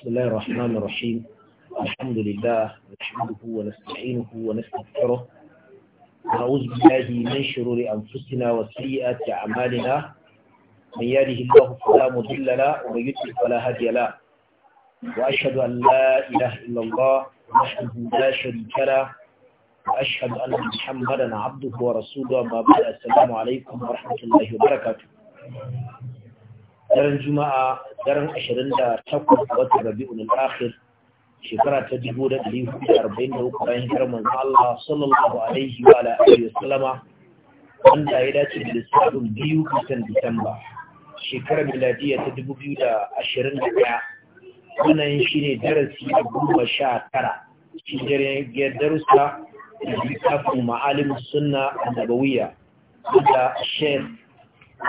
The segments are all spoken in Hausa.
بسم الله الرحمن الرحيم الحمد لله نحمده ونستعينه ونستغفره ونعوذ بالله من شرور أنفسنا وسيئات أعمالنا من يهده الله فلا مضل له ومن يضلل فلا هادي له وأشهد أن لا إله إلا الله وحده لا شريك له وأشهد أن محمدا عبده ورسوله ما بعد السلام عليكم ورحمة الله وبركاته يا جماعه daren 28 watan Rabi'ul Akhir shekara ta 1443 bayan hijirar manzo Allah sallallahu alaihi wa ala alihi wa sallama wanda ya dace da lissafin biyu kusan Disamba shekarar miladiya ta 2021 shi ne darasi na goma sha tara shi darussa da littafin ma'alim sunna annabawiyya da Sheikh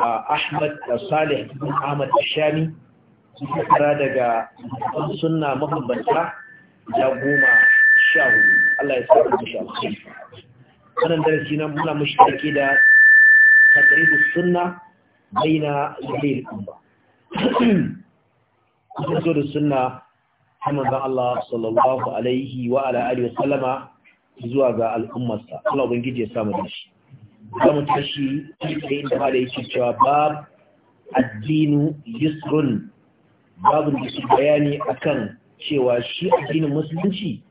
ah, Ahmad Salih bin Ahmad Shami kara daga sunna mabambanta ya goma sha hudu Allah ya sa da sha hudu wannan darasi na muna mushtaki da taqribu sunna baina yadayil umma kuma so da sunna ta manzon Allah sallallahu alaihi wa ala alihi wa sallama zuwa ga al'ummarsa Allah ubangiji ya samu dashi zamu tashi cikin da malai yake cewa ba addinu yusrun babu da su bayani akan cewa shi addinin musulunci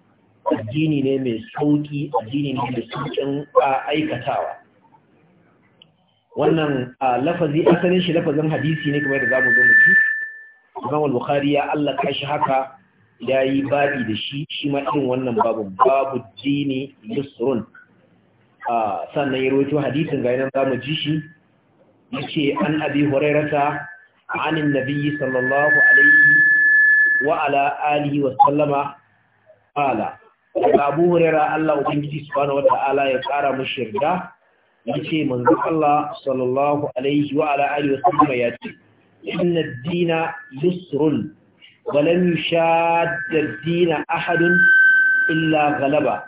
addini ne mai sauki addini ne mai saukin aikatawa wannan lafazi asalin shi lafazin hadisi ne kamar da zamu zo mu ji Imam al-Bukhari ya Allah shi haka ya yi babi da shi shi ma irin wannan babu babu dini yusrun sannan ya rawaito hadisin ga nan zamu ji shi yace an abi hurairata عن النبي صلى الله wa ala wa sallama ala daga abu hurera Allah ubangiji subhanahu wata'ala ya kara mushi yarda yace manzo Allah sallallahu alaihi wa ala wa sallama yace inna ad-dina yusrun wa lam yushadd ad illa galaba.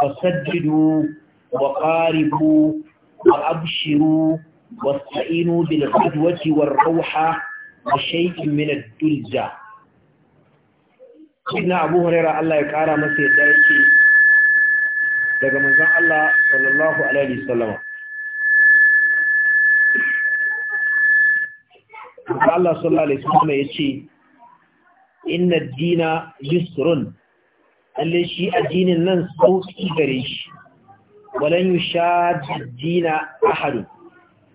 fasajjidu wa qaribu wa abshiru wa sta'inu bil qudwati wal dulda. Ibn Abu Huraira Allah ya kara masa yadda yake daga manzon Allah sallallahu alaihi wasallama Allah sallallahu alaihi wasallama yace inna ad-dina yusrun alle shi addinin nan sauki gare shi walan yushad ad-dina ahad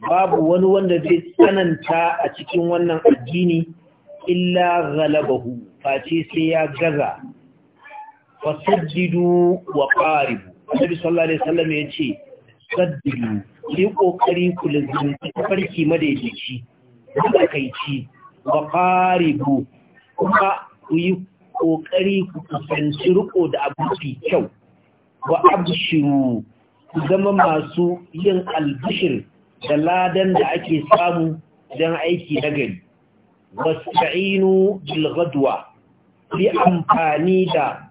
babu wani wanda zai tsananta a cikin wannan addini illa ghalabahu face sai ya gaza fasaddidu wa qaribu annabi sallallahu alaihi wasallam ya ce saddidu ki kokari ku ki farki madaidaici da kaici wa qaribu kuma ku yi kokari ku kusanci ruko da abuci kyau wa abshiru ku zama masu yin albishir da ladan da ake samu don aiki na gari wasta'inu bil ghadwa ku yi amfani da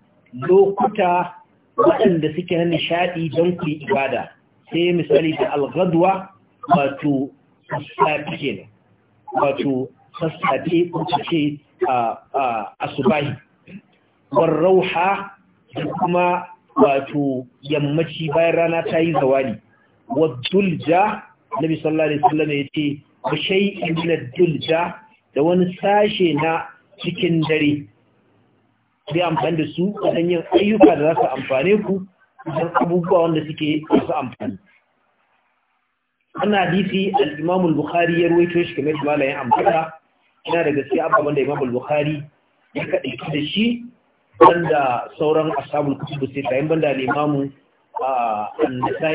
lokuta waɗanda suke na nishaɗi don ku yi ibada sai misali da algadwa wato sassafe kenan wato sassafe ko ce asubahi warrauha da kuma wato yammaci bayan rana ta yi zawali wadulja nabi sallallahu alaihi ya ce bashai min dulja da wani sashe na cikin dare sai amfani da su wajen yin ayyuka da za su amfane ku don abubuwa wanda suke masu amfani wannan hadisi al al-Bukhari ya ruwaito shi kamar malamin ambata yana da gaske ababan da Imam al-Bukhari ya kaɗe da shi wanda sauran ashabul kutub sai tayin banda al-Imam da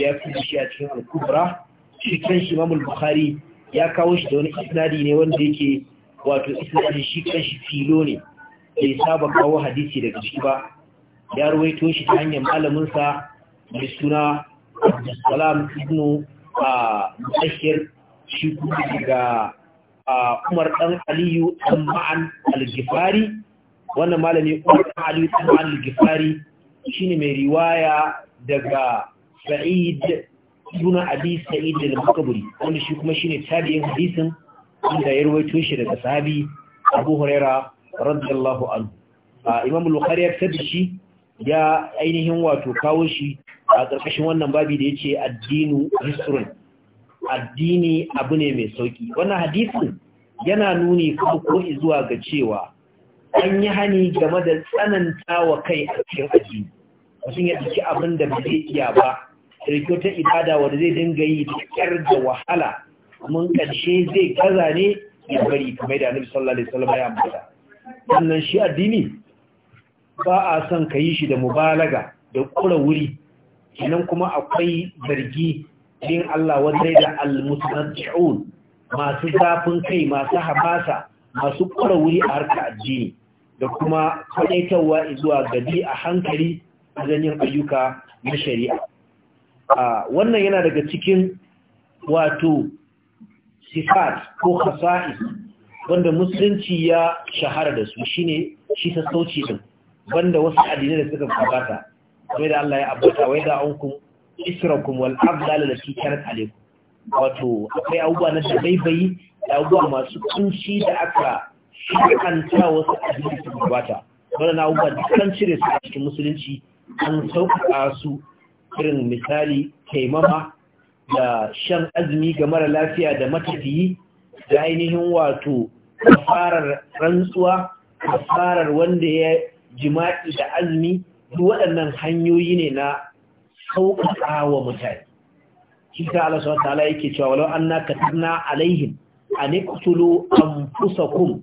ya fi shi a cikin al-Kubra shi kan shi Imam bukhari ya kawo shi da wani isnadi ne wanda yake wato isnadi shi kan shi filo ne bai saba kawo hadisi daga shi ba ya ruwaito shi ta hanyar malaminsa mai suna abdulsalam ibnu a mutashir shi kuma daga umar ɗan aliyu dan ma'an al-gifari wannan malami umar ɗan aliyu dan ma'an al-gifari shine mai riwaya daga sa'id suna abi sa'id da makaburi wanda shi kuma shine tabi'in hadisin inda ya ruwaito shi daga sahabi Abu Huraira radiyallahu anhu imam al-bukhari ya fitar da shi ya ainihin wato kawo shi a karkashin wannan babi da yace addinu hisrun addini abu ne mai sauki wannan hadisin yana nuni farko zuwa ga cewa an yi hani game da tsananta wa kai a cikin addini mutum ya ɗauki abin da ba zai iya ba rikyo ta ibada wanda zai dinga yi kyar da wahala mun ƙarshe zai gaza ne ya bari kamar da annabi sallallahu alaihi wasallam ya ambata sannan shi addini ba a son ka yi shi da mubalaga da kura wuri kenan kuma akwai zargi yin Allah wadai da al-mutanatti'un masu zafin kai masu habasa masu kura wuri a harka addini da kuma kwaɗaitarwa zuwa gadi a hankali a zanyen ayyuka na shari'a wannan yana daga cikin wato sifat ko hasa'is wanda musulunci ya shahara da su shine shi sassauci din banda wasu addinai da suka gabata sai da Allah ya abbata wai da ankum israkum wal afdal lati kanat alaykum wato akwai abubuwa na dabaibayi da abubuwa masu kunci da aka shirkanta wasu addinai da suka gabata wannan abubuwa kan cire su a cikin musulunci an sauƙaƙa su irin misali taimama da shan azumi ga mara lafiya da matafiyi da ainihin wato kafarar rantsuwa kafarar wanda ya jima'i da azumi duk waɗannan hanyoyi ne na sauƙaƙa wa mutane shi ta Allah subhanahu wataala yake cewa walau anna katabna alaihim an iqtulu anfusakum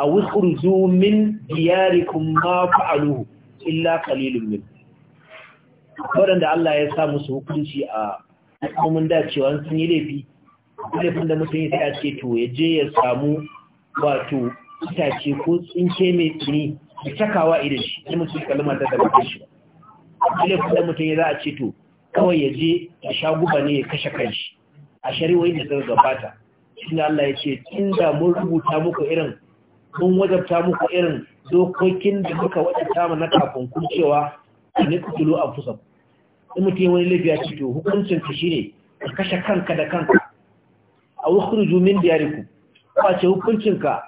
aw ukhruju min diyarikum ma fa'aluhu illa qalilun min waɗanda Allah ya sa musu hukunci a da dacewa sun yi laifi laifin da mutum ya ce to ya je ya samu wato itace ko tsinke mai tsini da cakawa irin shi ne mutum kalmar da daga shi dole kuma mutum ya za a ce to kawai ya je ya sha guba ne ya kashe kanshi a shari'o'in da zai gabata shi Allah ya ce da mun rubuta muku irin mun wajabta muku irin dokokin da muka wajabta mana kafin kun cewa ne ku tulo a fusa in mutum wani laifi ya ce to hukuncin ka ne ka kashe kanka da kanka a wakhruju min diyarikum kwace hukuncinka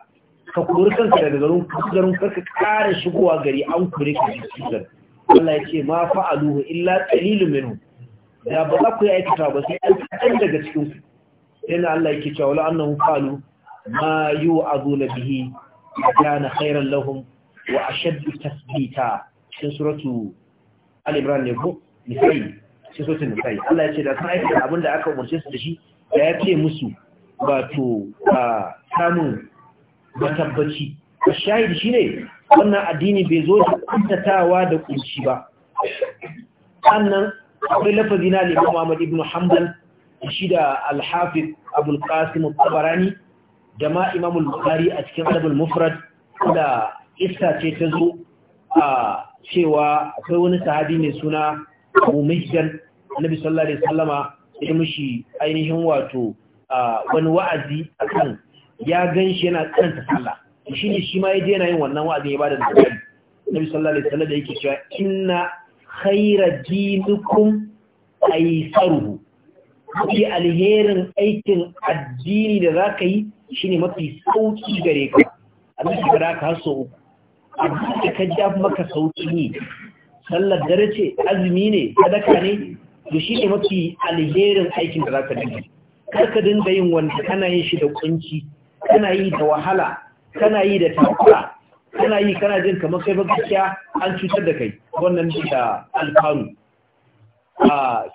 ka kori kanka daga garin garin karka kare shigowa gari an kore ka cikin Allah ya ce ma fa'aluhu illa qalilun minhum da ba za ku yi aikata ba sai an kadan daga cikin ku yana Allah yake cewa la annahu qalu ma yu'aduna bihi kana khairan lahum wa ashaddu tasbita cikin suratu al-imran ne ko nisai cikin suratu nisai Allah ya ce da san aikata abinda aka umarce su da shi ya ce musu wato a samun matabbaci a shahid shi ne wannan addini bai zo da kuntatawa da kunci ba annan akwai lafazi na liman muhammad ibn hanbal shi da alhafiz abul Barani, tabarani da ma imam buhari a cikin adabul mufrad da isa ce ta zo a cewa akwai wani sahabi mai suna abu mihjan annabi sallallahu alaihi wasallama ya mishi ainihin wato wani wa'azi akan ya gan shi yana karanta sallah shi ne shi ma ya daina yin wannan wa'azin ya bada zakari nabi sallallahu alaihi wasallam da yake cewa inna a yi saruhu mafi alherin aikin addini da za ka yi shi ne mafi sauki gare ka a da za ka haso uku abin da ka ja maka sauki ne sallar dare ce azumi ne sadaka ne da shi ne mafi alherin aikin da za ka dinga Karka ka dinga yin wanda kana yin shi da kunci kana yi da wahala kana yi da tafiya kana yi kana jin kamar kai gaskiya an cutar da kai wannan da alfaru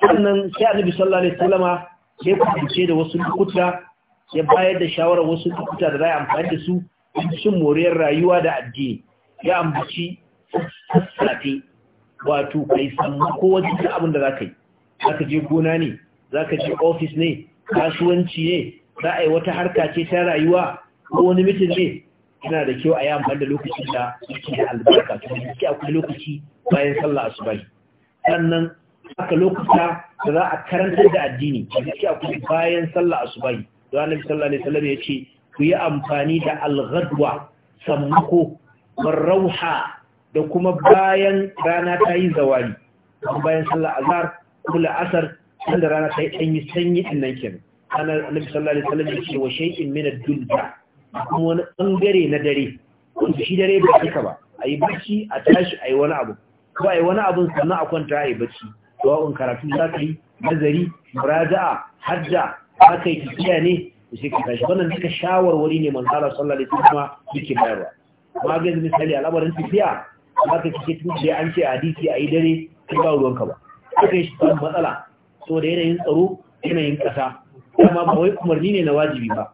sannan sai annabi sallallahu alaihi wasallama ya kwance da wasu lokuta ya bayar da shawarar wasu lokuta da zai amfani da su cin moriyar rayuwa da addini ya ambaci sassafe wato kai sammako wajen da abin da za ka yi za je gona ne zaka je ofis ne kasuwanci ne za a yi wata harka ce ta rayuwa ko wani mitin ne yana da kyau a yi amfani da lokacin da yake da albarka to da yake akwai lokaci bayan sallah asubahi sannan haka lokuta da za a karantar da addini da yake akwai bayan sallah asubahi don annabi sallallahu alaihi wasallam ya ce ku yi amfani da algadwa sammako marauha da kuma bayan rana ta yi zawali bayan sallah azhar ko la'asar inda rana ta yi sanyi ɗin nan kenan ana Nabi sallallahu alaihi wasallam yake wa shay'in min ad-dulba kuma wani bangare na dare wanda shi dare ba duka ba ayi bacci a tashi ayi wani abu ko ayi wani abun sannan a kwanta ayi bacci sawa'un karatu za ka yi nazari muraja'a hadda Haka ka yi ne shi ka tashi wannan duka shawarwari ne manzo Allah sallallahu alaihi wasallam yake bayarwa amma misali al'amarin tafiya za ka kike tafiya an ce a hadisi ayi dare kai ba ruwanka ba kai shi matsala saboda yanayin tsaro yanayin ƙasa kuma ba wai umarni ne na wajibi ba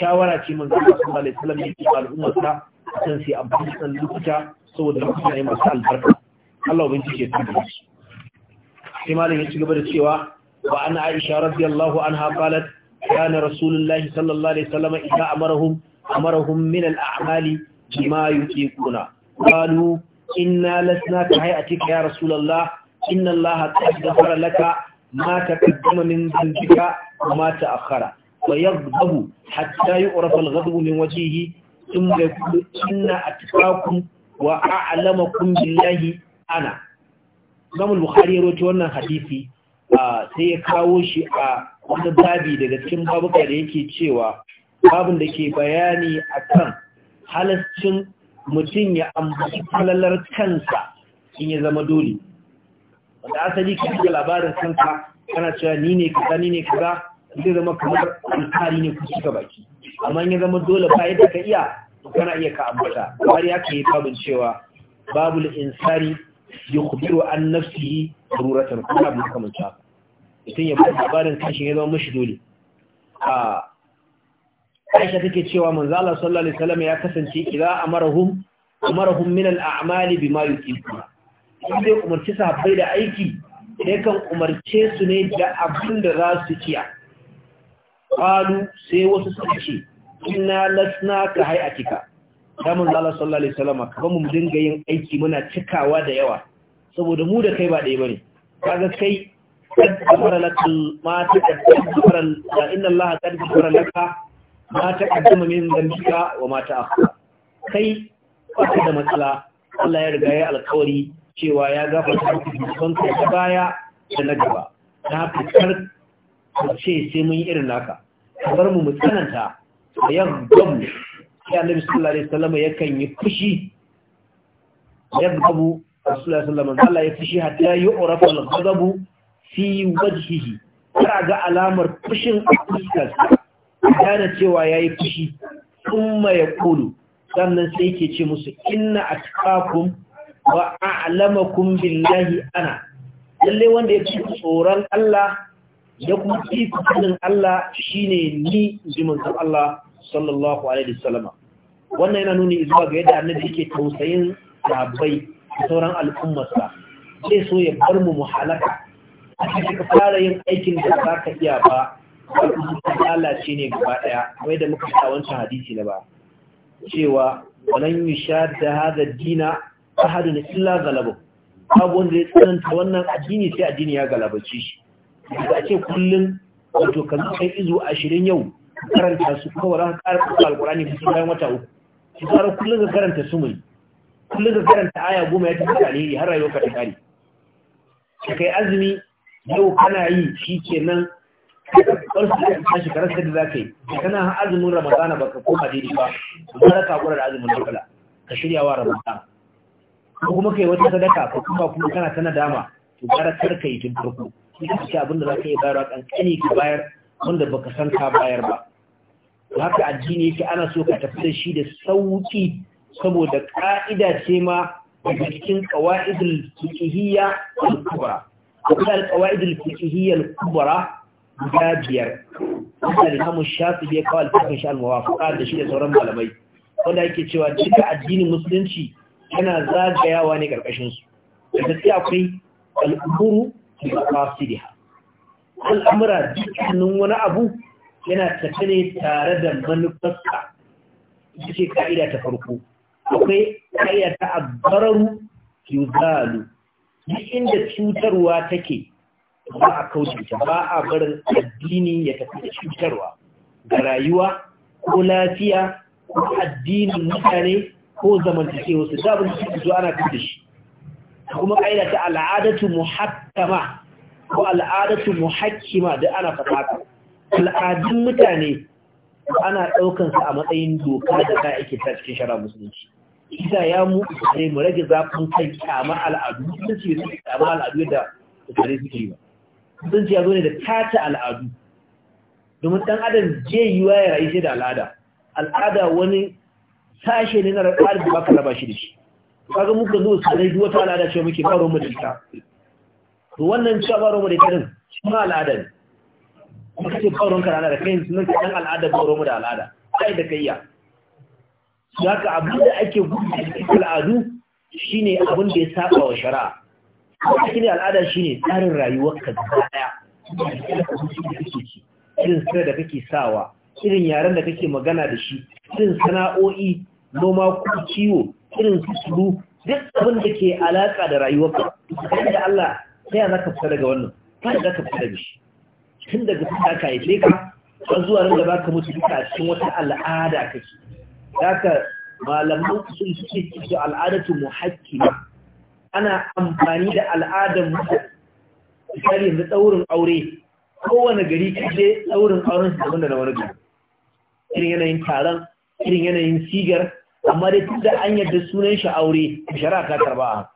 shawara ce man zama su ba laisalam ne ba al'ummar sa a can sai amfani da lokuta saboda lokuta ne masu albarka Allah ubin cike ta da su sai malam ya ci gaba da cewa wa an aisha radiyallahu anha qalat kana rasulullahi sallallahu alaihi wasallam idza amarahum amarahum min al-a'mali bima yutiquna qalu inna lasna ka hay'atika ya rasulullah inna allaha qad ghafara laka mata kaddamanin zanjiga mata akara bai yadda hatta yi ƙorafin gadunin wajihi sun bai kudu cinna a tukaku wa a alama ana gamun buhari ya roce wannan hadisi. sai ya kawo shi a wani babi daga cikin babuka da yake cewa babin da ke bayani a kan halascin mutum ya ambaci kwallar kansa in ya zama dole wanda asali ka yi labarin kanka kana cewa ni ne kaza ni ne kaza zai zama kamar alkari ne kusa ga baki amma ya zama dole ba yadda ka iya kana iya ka ambata kamar ya yi babin cewa babu insari yukhbiru an nafsihi daruratan kuma mun ta idan ya ba labarin kashi ya zama mashi dole a Aisha take cewa manzo Allah sallallahu alaihi wasallam ya kasance idza amarahum amarahum min al-a'mali bima yuqimuna in zai umarci sahabbai da aiki kan umarce su ne da abin da za su ciya ƙalu sai wasu suka ce ina lasna ka hai a cika damun lalar sallallahu alaihi salama kaba mu dinga yin aiki muna cikawa da yawa saboda mu da kai ba ɗaya bane kaga kai kad inna allaha ma min wa ma ta kai ba da matsala Allah ya riga ya alƙawari cewa ya gafarta maka zunubanka ta baya da na gaba na haka kar ce sai mun yi irin naka ka bar mu mu tsananta da yan gam sai nabi sallallahu alaihi wasallam yakan yi fushi ya gabu rasulullah sallallahu alaihi wasallam ya fushi hatta urafa al-ghadabu fi wajhihi kar ga alamar fushin ya gane cewa yayi fushi kuma ya kulu sannan sai yake ce musu inna atqakum wa a'lamakum billahi ana lalle wanda ya fi tsoron Allah ya kuma fi sanin Allah shine ni jimin Allah sallallahu alaihi wasallam wannan yana nuni zuwa ga yadda annabi yake tausayin sahabbai da sauran al'ummarsa zai so ya bar mu muhalaka aka fara yin aikin da za ka iya ba lalace ne gaba daya wai da muka sa wancan hadisi na ba cewa walan yushad da hada dina ahadun illa galaba babu wanda ya tsananta wannan addini sai addini ya galabaci shi da ce kullum wato kan kai izu ashirin yau karanta su kawai ran karanta alkurani bisa bayan wata uku ki fara kullum ka karanta su mai kullum ka karanta aya goma ya tafi alheri har rayuwar ka ta kare ka kai azumi yau kana yi shi ke kenan ƙarfi da ta shi sai da za ka yi kana azumin ramadana ba ka koma daidai ba ba za ka haƙura da azumin dukula ka shirya wa ramadana ko kuma kai wata sadaka ko kuma kuma kana ta dama, to gara karka yi tun farko ka ce abin da za ka yi bayarwa kankani ka bayar wanda baka san ka bayar ba haka addini yake ana so ka tafi da shi da sauki saboda ka'ida ce ma daga cikin qawaidul fiqhiyya al-kubra akwai al-qawaidul fiqhiyya al-kubra guda biyar wanda Imam shafi ya kawo al-fiqh shi al da shi da sauran malamai wanda yake cewa duka addinin musulunci yana zagayawa ne karkashin su da gaskiya akwai al'umuru da ha al'amura dukkanin wani abu yana tafi ne tare da manufarsa ita ce ka'ida ta farko akwai ka'ida ta agbararu, yuzalu duk inda cutarwa take ba a kauce ta ba a barin addini ya tafi da cutarwa ga rayuwa ko lafiya ko addinin mutane ko zamantakewa su da abin da suke ana da shi kuma ƙa'ida ta al'adatu muhakkama ko al'adatu muhakkima da ana faɗa al'adun mutane ana ɗaukan su a matsayin doka da ta ake ta cikin shara musulunci isa ya mu sai mu rage zafin kai kama al'adu musulunci bai suke kama al'adu yadda mutane suke yi ba musulunci ya zo ne da tata al'adu domin ɗan adam je yiwa ya rayu sai da al'ada al'ada wani sashe ne na al'adar da baka raba shi da shi kaga muka zo sanai duk wata al'ada ce muke baro mu da ita to wannan cewa baro mu da ita din kuma al'ada ne ka ce baro ka da kai sun ka dan al'ada baro mu da al'ada kai da kayya ka abin da ake gudu da al'adu shine abin da ya saba wa shari'a kuma shine al'ada shine tsarin rayuwarka gaba daya irin sirri da kake sawa irin yaren da kake magana da shi irin sana'o'i noma ko kiwo irin su duk abin da ke alaka da rayuwarka kai da Allah sai ya zaka fita daga wannan kai zaka fita daga shi tun daga fita ka yi ka har zuwa ran da baka mutu duka a cikin wata al'ada kake zaka malaman su ce su al'adatu muhakkima ana amfani da al'adan mutane misali yanzu daurin aure kowane gari kaje daurin auren su da wani gari irin yanayin taron irin yanayin sigar amma dai tun da an yarda sunan shi aure shari'a ta karba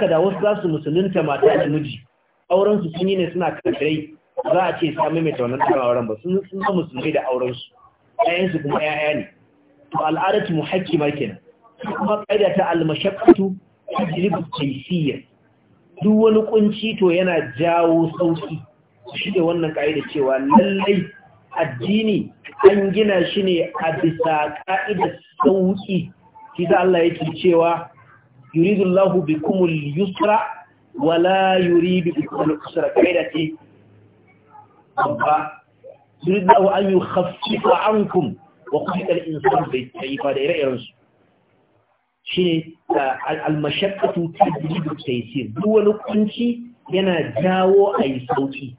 ka da wasu za su musulunta mata da miji auren su sun yi ne suna kafirai za a ce sami mai taunar da auren ba sun sun ba musulmai da auren su kuma yaya ne to al'adatu muhakkima kenan kuma ƙa'ida ta al-mashaqqatu tajribu duk wani kunci to yana jawo sauki shi da wannan ƙa'ida cewa lallai addini an gina shi ne a bisa ka'idar sauki shi da Allah yake cewa yuridullahu bikumul yusra wala yuridu bikumul usra kaida ce amma yuridullahu an yukhaffifa ankum wa khuliqa al-insanu da'ifa da ire-iren su shine al-mashaqqatu tajlibu taysir duk wani kunci yana jawo a yi sauki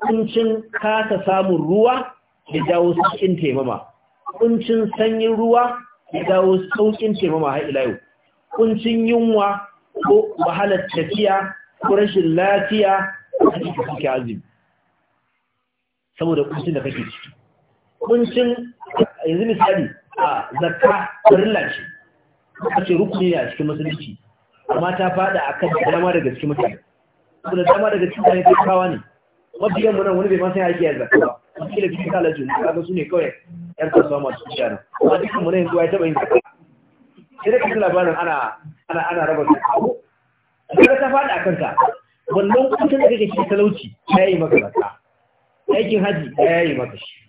kuncin kasa samun ruwa ya dawo saukin taimama kuncin sanyin ruwa ya dawo saukin taimama har ila yau kuncin yunwa ko wahalar tafiya ko rashin lafiya a cikin kake azumi saboda kuncin da kake ciki kuncin yanzu misali a zakka farilla ce a ce rukuni a cikin musulunci amma ta fada kan dama daga cikin mutane kuma dama daga cikin mutane kawa ne mafi yan munan wani bai ma sai ake yin zakka ba da fi kala jun kaga su ne kawai yar kasuwa masu kuciya nan amma dukkan mana yanzu ya taɓa yin zaka sai da kasu labarin ana ana ana raba su kaga ta faɗa a kanka wannan kuɗin da kake cikin talauci ya yi maka zaka aikin haji ya yi maka shi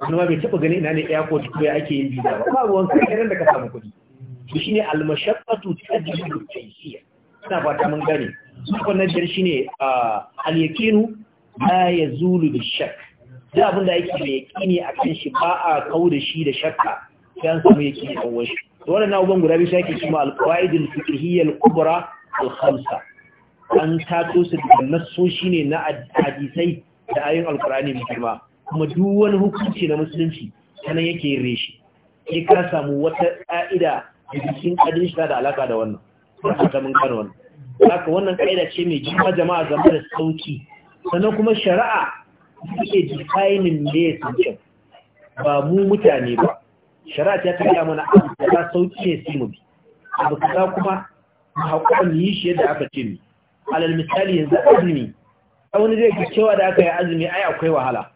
wani ma bai taɓa gani ina ne airport ko ya ake yin visa ba ba ruwan kai nan da ka samu kuɗi to shine almashaqqatu tajibu taysir ina fata mun gane wannan jar shine ah, al-yaqinu la ya zulu da shak duk abin da yake mai yakini a kan shi ba a kau da shi da shakka sai an samu yake a kan shi wannan na uban guda biyu sai shi ma al fikihiyar kubura da kubra al an tato su daga nassoshi ne na hadisai da ayin alkur'ani mai girma kuma duk wani hukunci na musulunci sanan yake yin reshi sai ka samu wata ƙa'ida da jikin ƙadin shi da alaka da wannan ka mun gano wannan haka wannan ƙa'ida ce mai girma jama'a zama da sauki sannan kuma shari'a suke defining ne sun ba mu mutane ba shari'a ta tafiya mana abu da ta sauki ne su mu bi abu kaza kuma haƙon yi shi yadda aka ce mi alal misali yanzu azumi a wani zai cewa da aka yi azumi ai akwai wahala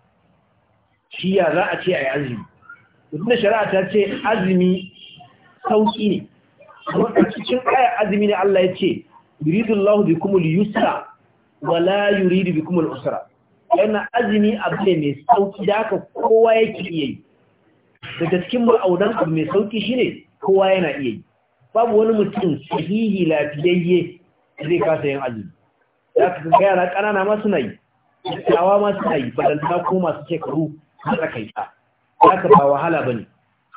shi ya za a ce a yi azumi da shari'a ta ce azumi sauki ne kuma a cikin aya azumi ne Allah ya ce yuridullahu bikumul yusra wala yuridu bikum al-usra yana azumi abu ne mai sauki da haka kowa yake iya yi Da cikin ma'aunan abu mai sauki shine kowa yana iya yi babu wani mutum sahihi lafiyayye zai kasa yin azumi za ka ga yara ƙanana ma suna yi dattawa ma suna yi balanta ko masu shekaru matsakaita za ka ba wahala ba ne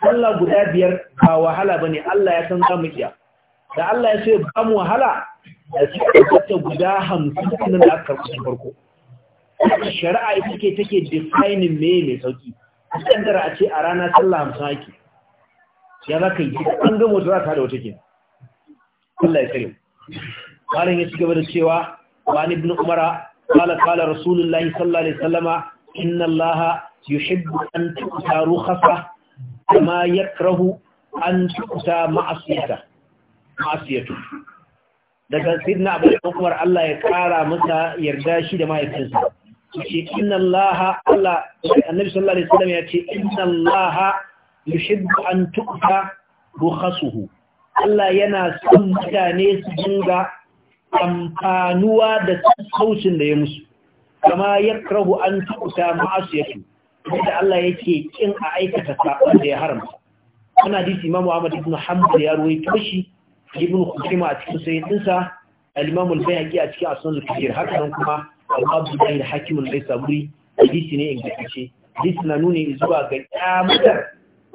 sallah guda biyar ba wahala bane. allah ya san za mu iya da Allah ya ce ba mu wahala da su tabbata guda hamsin nan da aka karɓi farko shari'a ita ke take defining me mai sauki kaddara a ce a rana sallah hamsin ake ya za ka yi an gama wata za ta da wata ke Allah ya kare malam ya ci gaba da cewa wa ni ibn umara qala qala rasulullahi sallallahu alaihi wasallama inna allaha yuhibbu an tu'ta rukhasa kama yakrahu an tu'ta ma'asiyata ma'asiyatu daga sidna abu da Allah ya kara masa yarda shi da mahaifinsa shi inna Allah Allah annabi sallallahu alaihi wasallam ya ce inna Allah yuhibbu an tu'ta rukhasuhu Allah yana son mutane su dinga amfanuwa da saucin da ya musu kama yakrahu an tu'ta ma'asiyatu da Allah yake kin a aikata sabon da ya haramta wannan hadisi Imam Ahmad ibn Hanbal ya ruwaito shi ibn Khuzaimah a cikin sahih dinsa al-Imam al a cikin Asnan al-Kabir haka nan kuma Abu al-Hakim al-Baisaburi hadisi ne ingantacce hadisi na nuni zuwa ga kyamatar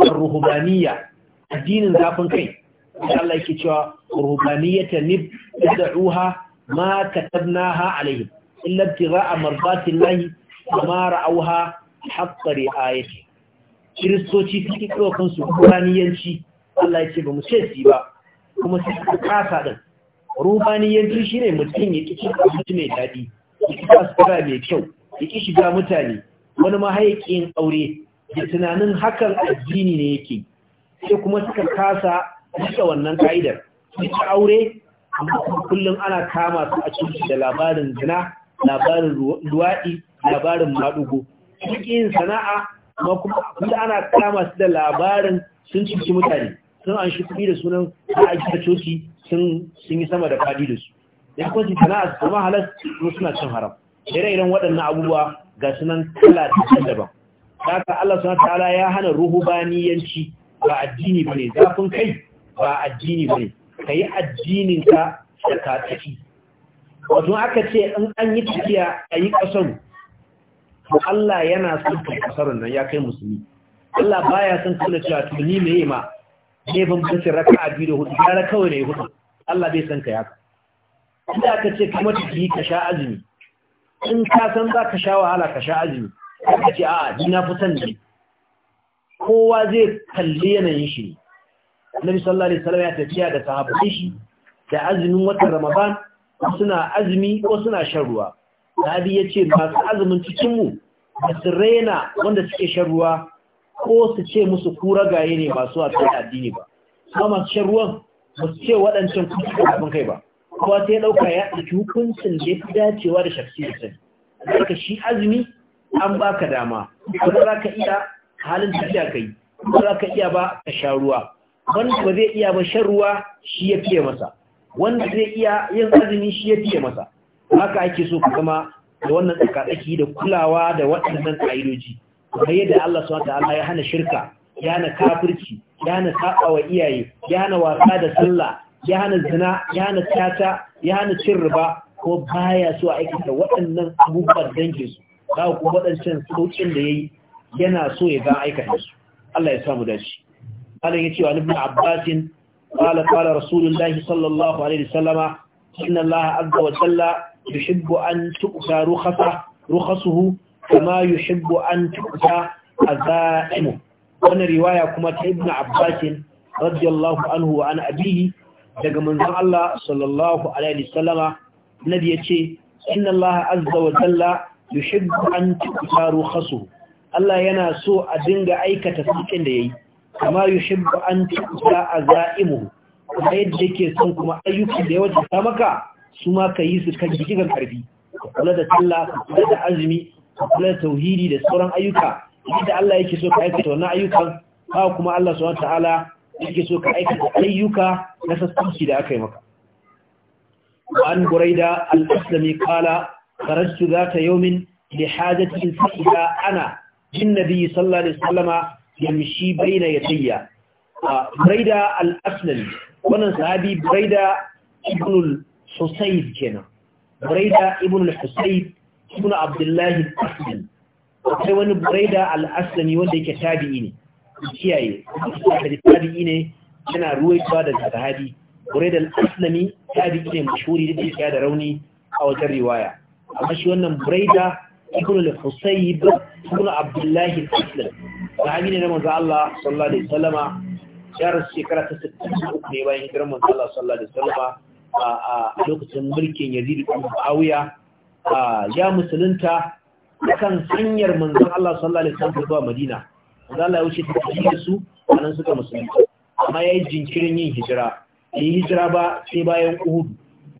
ruhbaniyya addinin zafin kai Allah yake cewa ruhbaniyata nib tad'uha ma katabnaha alaihim illa ibtigha'a mardati llahi kama ra'awha haqqa ri'ayati kiristoci cikin kawo kansu ruhbaniyanci Allah ya ce ba mu ce ba kuma sai suka kasa din rubaniyanci shine mutum ya kici abinci mai daɗi ya kici asfara mai kyau ya ki shiga mutane wani ma aure da tunanin hakan addini ne yake sai kuma suka kasa rike wannan ka'idar suka aure amma kullum ana kama su a cikin da labarin zina labarin luwaɗi labarin maɗugo cikin yin sana'a amma kuma ana kama su da labarin sun cinci mutane sun an shi kuɗi da sunan a aiki coci sun yi sama da faɗi da su da kuma sana'a a zama halar kuma suna cin haram ire-iren waɗannan abubuwa ga sunan kala daban haka Allah Suna ta'ala ya hana ruhubaniyanci ba addini ba ne, zafin kai ba addini ba ka yi addinin ka da tafi wato aka ce in an yi tafiya ayi kasar to Allah yana son ƙasar nan ya kai musulmi Allah baya son kula cewa to ni meye ma ne ban raka a biyu da hudu gara kawai ne hudu Allah bai san ka yaka da aka ce kuma ta yi ka sha azumi in ka san za ka sha wahala ka sha azumi ka ce a'a ni na fi ne kowa zai kalli yanayin shi ne Annabi sallallahu alaihi wasallam ya tafiya da sahabbai shi da azumin watan Ramadan suna azumi ko suna shan ruwa Sahabi ya ce masu azumin cikin mu da su raina wanda suke shan ruwa ko su ce musu kura gaye ne masu a cikin addini ba kuma masu shan ruwan ba su ce waɗancan kusa da abin kai ba kowa sai ya ɗauka ya ɗauki hukuncin da ya fi dacewa da da Zai daga shi azumi an baka dama kuma za ka iya halin tafiya ka yi kuma za ka iya ba ka sha ruwa wanda ba zai iya ba shan ruwa shi ya fiye masa wanda zai iya yin azumi shi ya fiye masa haka ake so ka zama da wannan tsakatsaki da kulawa da waɗannan ƙa'idoji kamar yadda Allah subhanahu ya hana shirka ya hana kafirci ya hana saba wa iyaye ya hana wasa da sallah ya hana zina ya hana tata ya hana cin riba ko baya so a aikata waɗannan abubuwan dangin su za ku waɗancan saukin da yayi yana so ya ga aikata su Allah ya samu dace Allah ya ce wa Ibn Abbas qala qala Rasulullah sallallahu alaihi wasallama inna Allah azza wa jalla yuhibbu an tu'ta rukhasa rukhasuhu kama yuhibbu an tuta azaimu wannan riwaya kuma ta ibnu abbasin radiyallahu anhu wa an abihi daga manzon Allah sallallahu alaihi wasallama nabi yace inna Allah azza wa jalla yuhibbu an tuta rukhasu Allah yana so a dinga aikata sakin da yayi kama yuhibbu an tuta azaimu kuma yadda yake son kuma ayyuki da ya wajaba maka su ma ka yi su kan jikin karfi kula da sallah kula da azumi da tauhidi da sauran ayyuka yadda Allah yake so ka aikata wannan ayyukan haka kuma Allah subhanahu wataala yake so ka aikata ayyuka na sassanci da aka yi maka an buraida al-aslami qala kharajtu zata yawmin li hajatin sa'ida ana jin nabi sallallahu alaihi wasallama yamshi baina yadayya buraida al-aslami wannan sahabi buraida ibn al-husayb kenan buraida ibn al-husayb ibn abdullahi al-asli akwai wani buraida al-aslami wanda yake tabi'i ne kiyaye tabi'i ne yana ruwaitowa daga sahabi buraida al-aslami tabi'i ne mashhuri da yake da rauni a wajen riwaya amma shi wannan buraida ibn al-husayb ibn abdullahi al-aslami sahabi ne na manzo Allah sallallahu alaihi wasallama jarar shekara ta 63 ne bayan hijirar manzo Allah sallallahu alaihi wasallama a lokacin mulkin Yazid ibn Muawiya ya musulunta kan sanyar manzan Allah sallallahu alaihi wasallam zuwa Madina manzon Allah ya wuce tafiye su a nan suka musulunta amma ya yi jinkirin yin hijira Ya yi hijira ba sai bayan Uhudu.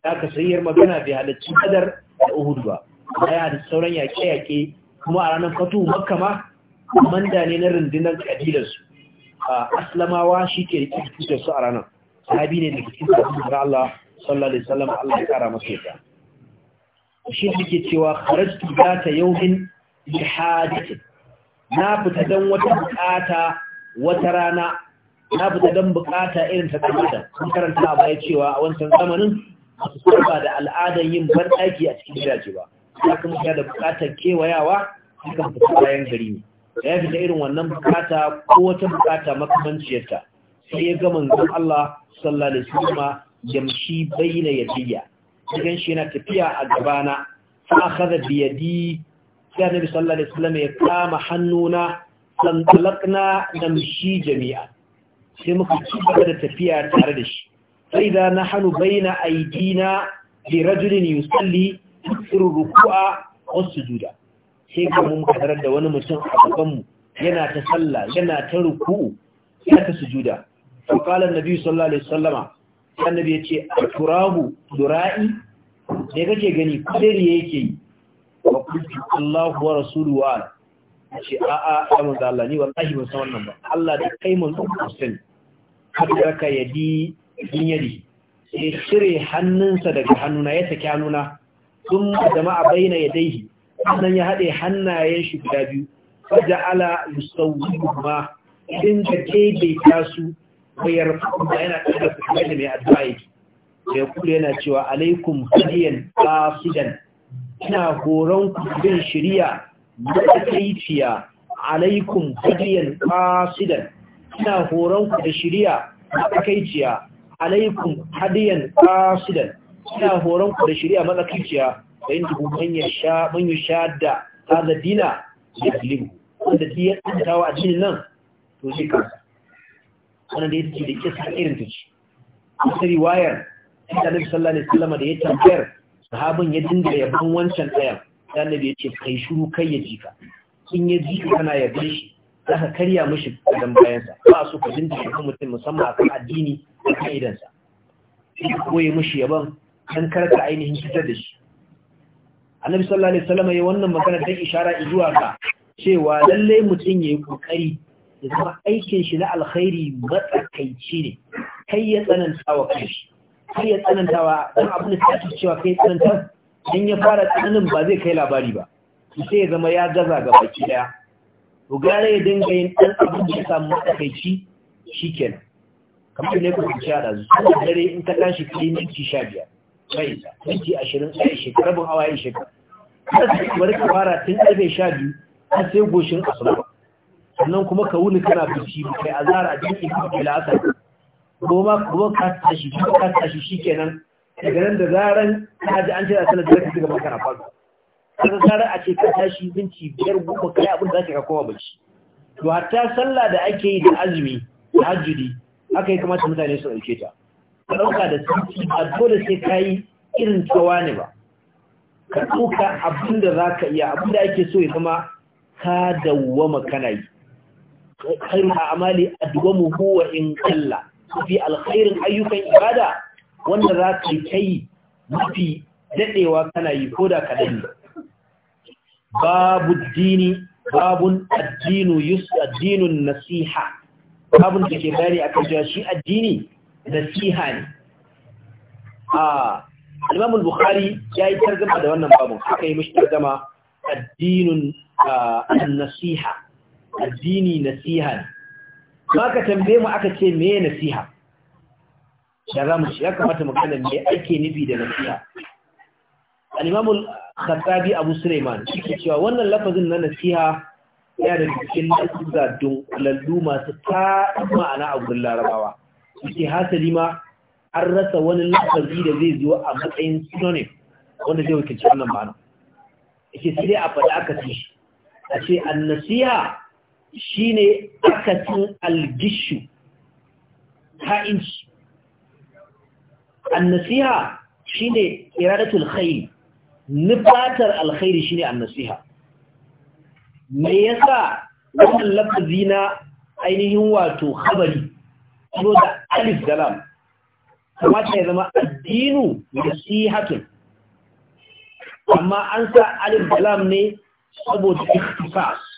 Ya ka 'yar magana bai halarci Badar da Uhudu ba ya da sauran yaƙe-yaƙe kuma a ranar fatu makka ma manda ne na rundunar ƙabilarsu su. aslamawa shi ke rikitar su a ranar sahabi ne da cikin da Allah sallallahu alaihi wasallam Allah ya kara masa yadda shi yake cewa kharajtu zata yawmin na fita dan wata bukata wata rana na fita dan bukata irin ta kamata kun karanta a baya cewa a wancan zamanin su saba da al'adar yin banɗaki a cikin gidaje ba ya kuma ta da bukatar kewayawa suka fita bayan gari ne ya fita irin wannan bukata ko wata bukata makamanciyarta sai ya ga manzon Allah sallallahu alaihi wasallam yamshi bayna yadiya gan shi yana tafiya a gabana fa akhadha bi sai annabi sallallahu alaihi wasallam ya kama hannuna san talakna namshi jami'a sai muka ci gaba da tafiya tare da shi Sai da na nahnu baina aydina li rajulin yusalli yusiru ruku'a wa sujuda sai kuma muka tarar da wani mutum a gaban mu yana ta sallah yana ta ruku'u yana ta sujuda fa qala annabi sallallahu alaihi wasallama annabi ya ce a turabu dura'i da kake gani kudiri yake yi wa kulki Allahu wa rasulu wa ce a a ya da Allah ni wallahi ban san wannan ba Allah da kai manzo ku sani hadaraka yadi din yadi sai cire hannunsa daga hannuna ya saki hannuna sun jama'a baina yadaihi sannan ya haɗe hannayen shi guda biyu faja'ala yusawwihu ma in daidaita su wa yarfa'u da yana da su da mai addu'a yake ya kula yana cewa alaikum hadiyan qasidan ina horon ku bin shari'a matsaifiya alaikum hadiyan qasidan ina horon ku da shari'a matsakaiciya alaikum hadiyan qasidan ina horon ku da shari'a matsakaiciya da yin dubu manyan sha manyan shadda hada dina da libu wanda diyar tsawa a cikin nan to shi kansa wannan da ya ce da kisa irin ta ce wata riwayar sai da nabi sallallahu alaihi da ya tambayar sahabin ya dinga yaban wancan ɗayan sai ya ce kai shiru kai ya jika in ya ji kana yabe shi za ka karya mishi gadon bayansa ba su ka dinga yaban mutum musamman akan addini da ka'idansa sai ka koye mishi yaban dan karka ainihin fitar da shi annabi sallallahu alaihi wasallam ya wannan magana ta ishara zuwa ka cewa lallai mutum yayi ƙoƙari?" ya zama aikin shi na alkhairi matsakaici ne kai ya tsananta wa kai shi? Kai ya tsananta wa don abin da ta cewa kai tsananta don ya fara tsananin ba zai kai labari ba sai ya zama ya gaza ga baki daya to gare ya dinga yin ɗan abin da ya samu matsakaici shi kamar ne ku ci da ɗazu da dare in ka tashi kai minti sha biyar bai minti ashirin a shekara bin awa ya shekara kada su bari ka fara tun ƙarfe sha biyu har sai goshin asuba sannan kuma ka wuni kana bici kai azara din ikin ila asar goma kuma ka tashi ka tashi shikenan daga nan da zaran ka ji an ce a sanar da kake shiga makara fasu kaga zara a ce ka tashi minti biyar goma kai abin da zaka ka kowa bace. to hatta sallah da ake yi da azumi da hajjudi haka ya kamata mutane su dauke ta ka ɗauka da sauki ba dole sai ka yi irin tsawa ne ba ka ɗauka abin da za ka iya abin da ake so ya zama ka dawwama kana yi khairu a'mali adwamu huwa in qalla fi alkhairin ayyukan ibada wanda za ka kai mafi dadewa kana yi koda kadan babu dini babun addinu yus addinun nasiha babun da ke bayani akan cewa shi addini nasiha ne a Imam al-Bukhari yayi da wannan babun aka yi mishi tarjuma addinun an-nasiha addini nasiha ne ba ka tambaye mu aka ce me nasiha da za mu ya kamata mu kana me ake nufi da nasiha al khattabi abu sulaiman yake cewa wannan lafazin na nasiha ya da cikin don lallu masu ta ma'ana a gurin larabawa yake hasali ma an rasa wani lafazi da zai zo a matsayin synonym wanda zai wakilci wannan ma'ana yake sai dai a faɗa aka ci a ce an nasiha shine akasin algishu ha'inci annasiha shine iradatul khairi nufatar alkhairi shine annasiha me yasa wannan lafazi na ainihin wato Habari? ko da alif da lam kamata ya zama addinu nasihatun amma an sa alif da lam ne saboda ikhtisas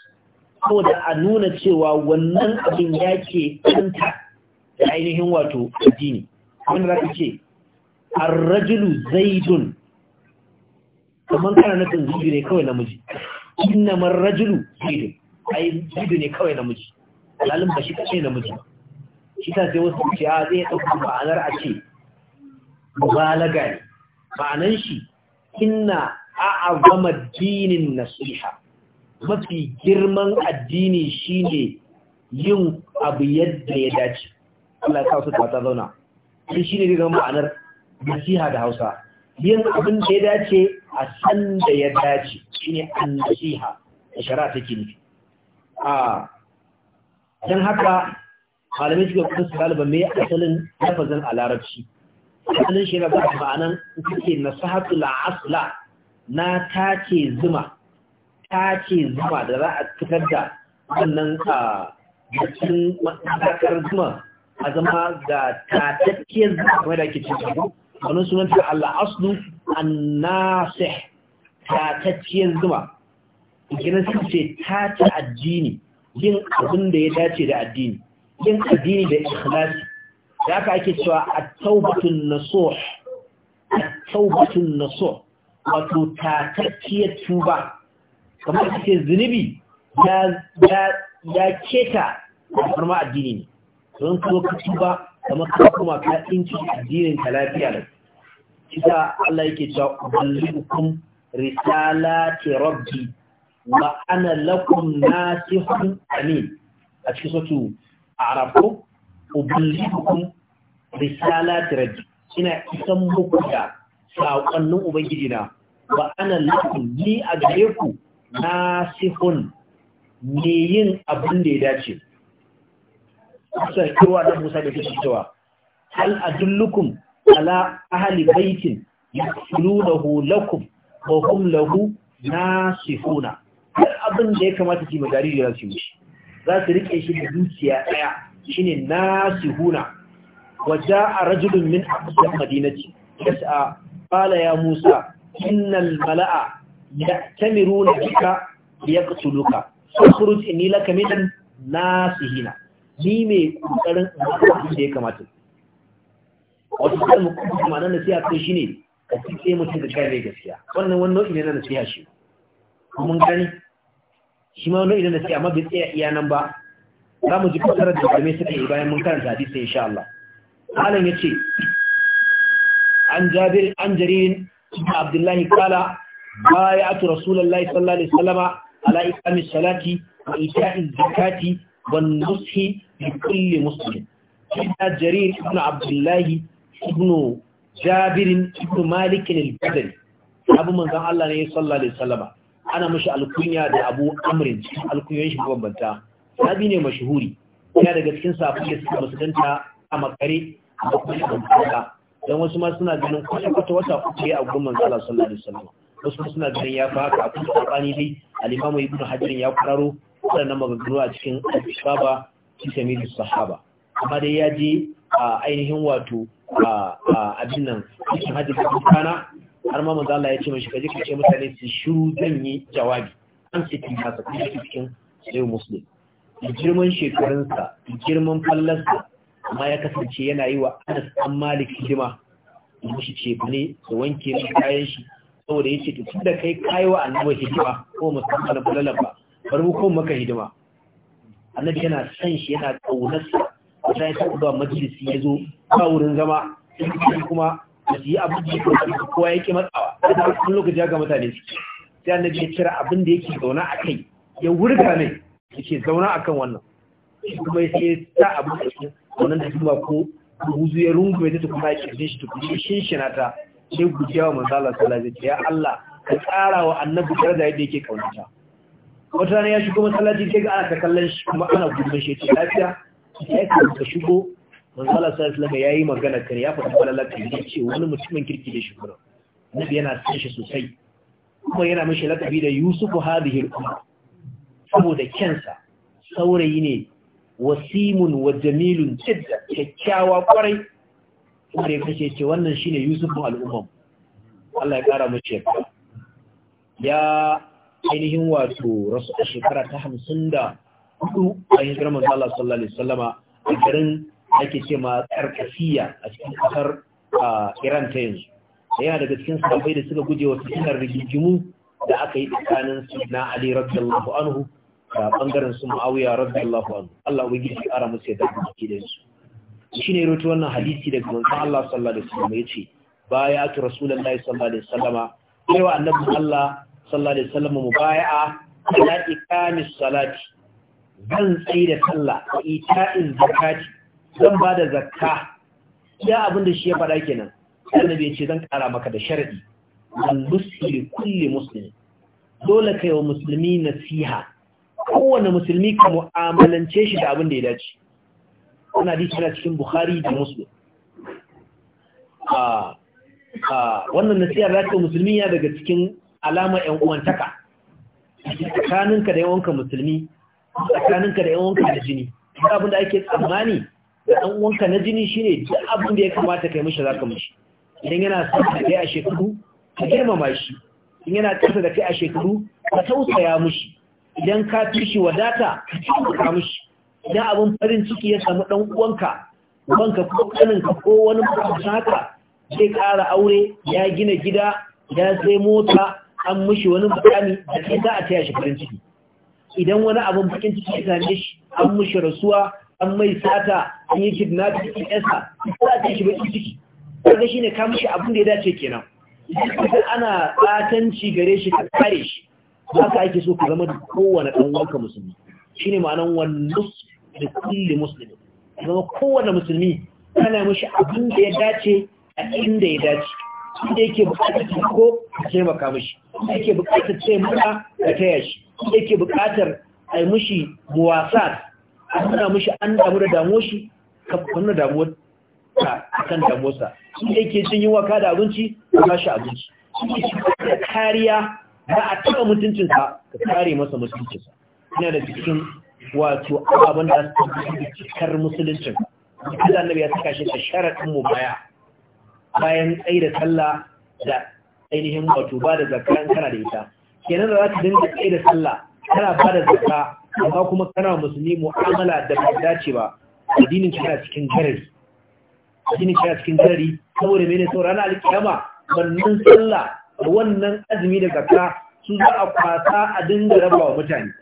saboda a nuna cewa wannan abin ya ke kanta da ainihin wato addini wanda za ka ce arrajulu zaidun kamar kana nufin zubi ne kawai namiji innamar rajulu zaidun ai zubi ne kawai namiji alalin ba shi kace namiji shi ta sai wasu ce a ah, zai ɗauka ma'anar a ce mubalaga ne ma'anan shi inna a'azama dinin nasiha mafi girman addini shine yin abu yadda ya dace Allah ya kawo su ta zauna shi ne daga ma'anar nasiha da Hausa yin abin da ya dace a san da ya dace shine an-nasiha da shari'a take nufi a dan haka malamai suka kusa su galiba mai asalin lafazin a larabci asalin shi yana ba ma'anan kuke nasihatul asla na take zuma tace zuma da za a fitar da wannan a jikin matakar zuma a zama ga tatakkiyar zuma kamar da ake cin wani sunan ta Allah aslu annasih tatakkiyar zuma ikinan sun ce tace addini yin abin da ya dace da addini yin addini da ikhlasi da aka ake cewa at-taubatun nasuh at-taubatun nasuh wato tatakkiyar tuba kamar da ke zunubi ya keta a farma addini ne don kuma kacin ba kamar ka kuma ka addinin ta lafiya ne shi ta Allah yake cewa risala ke rabbi ba ana lakum nasihun amin a cikin sautu a hukum risala ke rabbi ina isan muku da saƙonnin ubangiji na ba ana lakum ni a gare ku Na nasihun ne yin abin da ya dace sai kirwa da musa da kishi cewa hal adullukum ala ahli baitin yaslunahu lakum wa hum lahu nasihuna duk abin da ya kamata ki magari da zasu mishi za su rike shi da dukiya daya shine nasihuna wa jaa rajulun min aqsa madinati yas'a qala ya musa innal mala'a ya'tamiruna bika yaqtuluka fakhruj inni laka minan nasihina ni mai kokarin abin da ya kamata wasu kalmu kuma nan nasiha kai shine ka tsike mutum da kai gaskiya wannan wani nau'i ne na nasiha shi mun gani shi ma nau'i na nasiha amma bai tsaya iya nan ba za mu ji fasarar da kalmai suka yi bayan mun karanta hadisi insha Allah malam yace an jabir an jarir ibn abdullahi qala baya atu rasulallah sallallahu alaihi wasallama ala iqamis salati wa ita'iz zakati wan nushi li kulli muslim sayyidina jarir ibn abdullah ibn jabir ibn malik al-badri manzan allah ne sallallahu alaihi wasallama ana mushi alkunya da abu amrin alkunyan shi babanta sabi ne mashhuri ya daga cikin safiya suka musulunta a makare a kuma don wasu ma suna ganin kwata wata uku a gurin manzala sallallahu alaihi wasallam wasu suna ganin ya fa haka akwai sabani dai al-imamu ibnu hajar ya kwararo nan maganganu a cikin al-shaba sami da sahaba amma dai ya je a ainihin wato a abin nan cikin hadis kana har ma manzo Allah ya ce mashi kaje ka ce mutane su shiru zan yi jawabi an ce kin hasa kuma cikin sai muslim girman shekarunsa girman fallarsa amma ya kasance yana yi wa Anas an Malik hidima mashi ce ne su wanke kayan shi saboda ya ce tutun da kai kayowa annabar hidima ko musamman na fulalar ba bari ko maka hidima annabi yana san shi yana ƙaunarsa a ya taɓa zuwa majalisi ya zo ba wurin zama sai kuma da su yi abin da ya kowa ya ke matsawa da ta wasu lokaci ya ga mutane su sai annabi ya kira abin da yake zauna a kai ya wurga ne ya ce zauna a kan wannan kuma ya sai ta abin da su wannan da kuma ko buzu ya rungume ta kuma ya ƙirjin shi tukuri shi shi na ta sai ku wa manzo Allah sallallahu alaihi ya Allah ka tsara wa annabi daraja yadda yake kaunata wata rana ya shigo masallaci sai ga ana ta kallon shi kuma ana gudun shi ce lafiya sai ka shigo manzo Allah sallallahu ya yi magana kan ya faɗi falalar kan ya ce wani mutumin kirki da kuma nabi yana san shi sosai kuma yana mishi lakabi da Yusufu hadhihi al-umma saboda kensa saurayi ne wasimun wa jamilun jidda kyakkyawa kwarai umar ya kashe ce wannan shine yusuf mu al'ummam Allah ya kara mace yarda ya ainihin wato rasu a shekara ta hamsin hudu a hijirar manzo Allah sallallahu alaihi wasallama a garin ake ce ma karkasiya a cikin kasar Iran ta yanzu da yana daga cikin sahabbai da suka guje wa fitinar rigigimu da aka yi tsakanin su na Ali radiyallahu anhu da bangaren su Muawiya radiyallahu anhu Allah ubangiji ya kara musu yadda da su shi ne rotu wannan hadisi daga manzon Allah sallallahu alaihi wasallam ya baya tu rasulullahi sallallahu alaihi wasallama kai wa annabi Allah sallallahu alaihi wasallam a ala kamis salati zan tsaye da sallah wa ita'in zakati zan ba da zakka ya abin da shi ya faɗa kenan annabi ce zan kara maka da Zan an da kulle musulmi. dole kai wa musulmi nasiha kowane musulmi ka mu'amalance shi da abin da ya dace Wani hadisi yana cikin bukhari da muslim wannan nasiya da ta musulmi ya daga cikin alama ƴan uwantaka tsakaninka da yawanka musulmi tsakaninka da yawanka da jini abin da ake tsammani da ɗan uwanka na jini shine duk abin da ya kamata kai mishi zaka mishi idan yana sama da kai a shekaru ka girmama shi Idan yana ƙasa da kai a shekaru ka tausaya mishi idan ka fi shi wadata ka tausaya mishi idan abin farin ciki ya samu ɗan uwanka uwanka ko kaninka ko wani mutum haka zai ƙara aure ya gina gida ya sai mota an mushi wani mutane da sai za a taya shi farin ciki idan wani abin bakin ciki ya same shi an mushi rasuwa an mai sata an yi kidnapping ɗin yasa ko a taya shi bakin ciki kaga shine ka mushi abin da ya dace kenan idan ana tsatanci gare shi ka kare shi haka ake so ka zama da kowane ɗan wanka musulmi shine ma'anan wannan da kulli musulmi zama kowane musulmi ana mashi abin da ya dace a inda ya dace inda yake bukatar taimako a taimaka mashi yake bukatar taimaka a taya shi yake bukatar a yi mashi muwasa a nuna mashi an damu da damuwa shi Ka na damuwa a kan damuwarsa inda yake jin yunwa waka da abinci a ba shi abinci inda yake kariya ba a taɓa mutuncinsa ka kare masa mutuncinsa ina da cikin wato abin da su tafi da cikar musuluncin Allah annabi ya saka shi da sharadin mu baya bayan tsayi da sallah da ainihin wato ba da zakka kana da ita kenan da za ka dinga tsayi da sallah kana ba da zakka amma kuma kana musulmi mu'amala da ba dace ba addinin kana cikin garari addinin kana cikin garari saboda mene saboda ranar alkiyama wannan sallah da wannan azumi da zakka su za a kwasa a dinga raba wa mutane